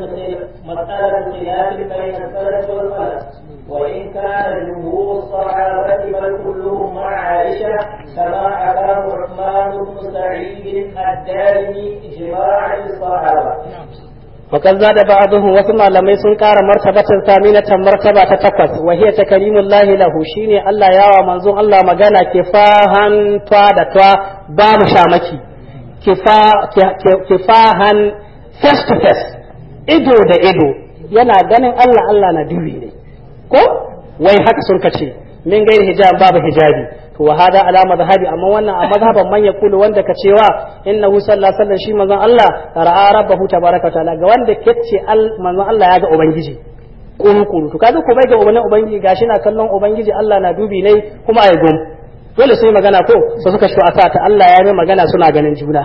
مسألة خلاف بين السلف والخلف وإن كان جمهور الصحابة بل كلهم مع عائشة كما أباه عثمان بن سعيد الدارمي إجماع الصحابة وقد زاد بعضهم وثم لما يسن كار مرتبة ثامنة مرتبة تتقص وهي تكريم الله له شيني الله يا منزون الله مجانا كفاها توا دتوا باب شامكي كفا كفاها face to face ido da ido yana ganin Allah Allah na كو ne ko wai haka sun kace min gairi hijab wa hada ala madhhabi amma wannan a mazhaban man yaqulu wanda ka cewa innahu sallallahu alaihi wasallam shi manzon Allah ra'a rabbahu tabaraka ta'ala ga wanda kace manzon Allah ya ga ubangiji kurukuru to kaga ko bai ga ubannin ubangiji gashi na kallon ubangiji Allah na dubi ne kuma ya gum dole sai magana ko sai suka shi aka ta Allah ya yi magana suna ganin juna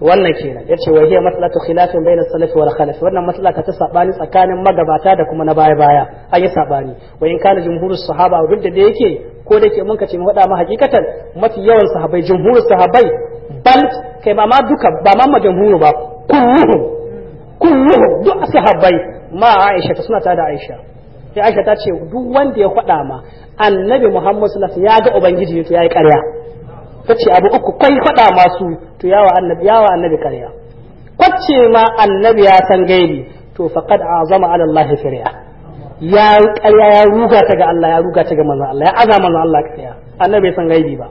to wannan kenan yace wa hiya maslatu khilafin bayna salaf wal khalaf wannan maslaka ta sabani tsakanin magabata da kuma na baya baya an yi sabani wa in kana jumhurus sahaba duk da yake ko da ke mun kace mu faɗa ma hakikatan mafi yawan sahabbai jumhurul sahabbai bal kai ba ma duka ba ma ma jumhuru ba kulluhum kulluhum duk sahabbai ma Aisha ta suna tare da Aisha sai Aisha ta ce duk wanda ya faɗa ma annabi Muhammad sallallahu alaihi wasallam ya ga ubangiji to yayi ƙarya tace abu uku kai faɗa su to yawa annabi yawa annabi ƙarya kwace ma annabi ya san gaibi to faqad azama ala Allah firya ya ƙarya ya ruga ta ga Allah ya ruga ta ga manzon Allah ya aza manzon Allah tsaya annabi san gaibi ba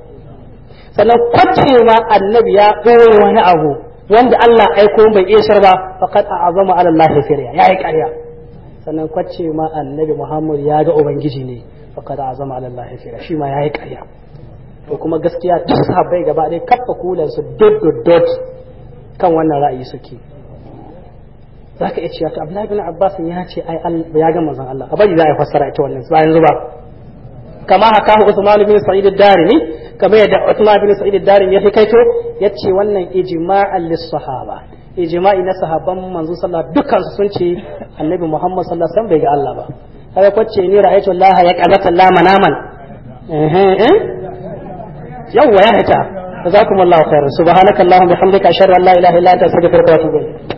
sannan kwacewa annabi ya ɓoye wani abu wanda Allah aiko bai iya ba faqad a'azama ala Allah firya ya yi ƙarya sannan kwacewa annabi Muhammad ya ga ubangiji ne faqad a'azama ala Allah firya shi ma ya yi ƙarya to kuma gaskiya duk sahabbai gaba ɗaya kafa kulansu dot dot dot kan wannan ra'ayi suke za ka iya cewa to Abdullahi bin Abbas ya ce ai ya ga manzon Allah a bari za a fassara ita wannan bayan zuba kama hakahu Uthman bin Sa'id ad-Darimi kamar yadda Uthman bin Sa'id ad-Darimi ya kaito yace wannan ijma'an lis-sahaba ijma'i na sahaban manzo sallallahu dukkan su sun ce Annabi Muhammad sallallahu alaihi wasallam bai ga Allah ba kaga kwace ni ra'aytu Allah ya qalata la manaman eh eh yawa ya hita jazakumullahu khairan subhanakallahumma bihamdika ashhadu an la ilaha illa anta astaghfiruka wa atubu ilayk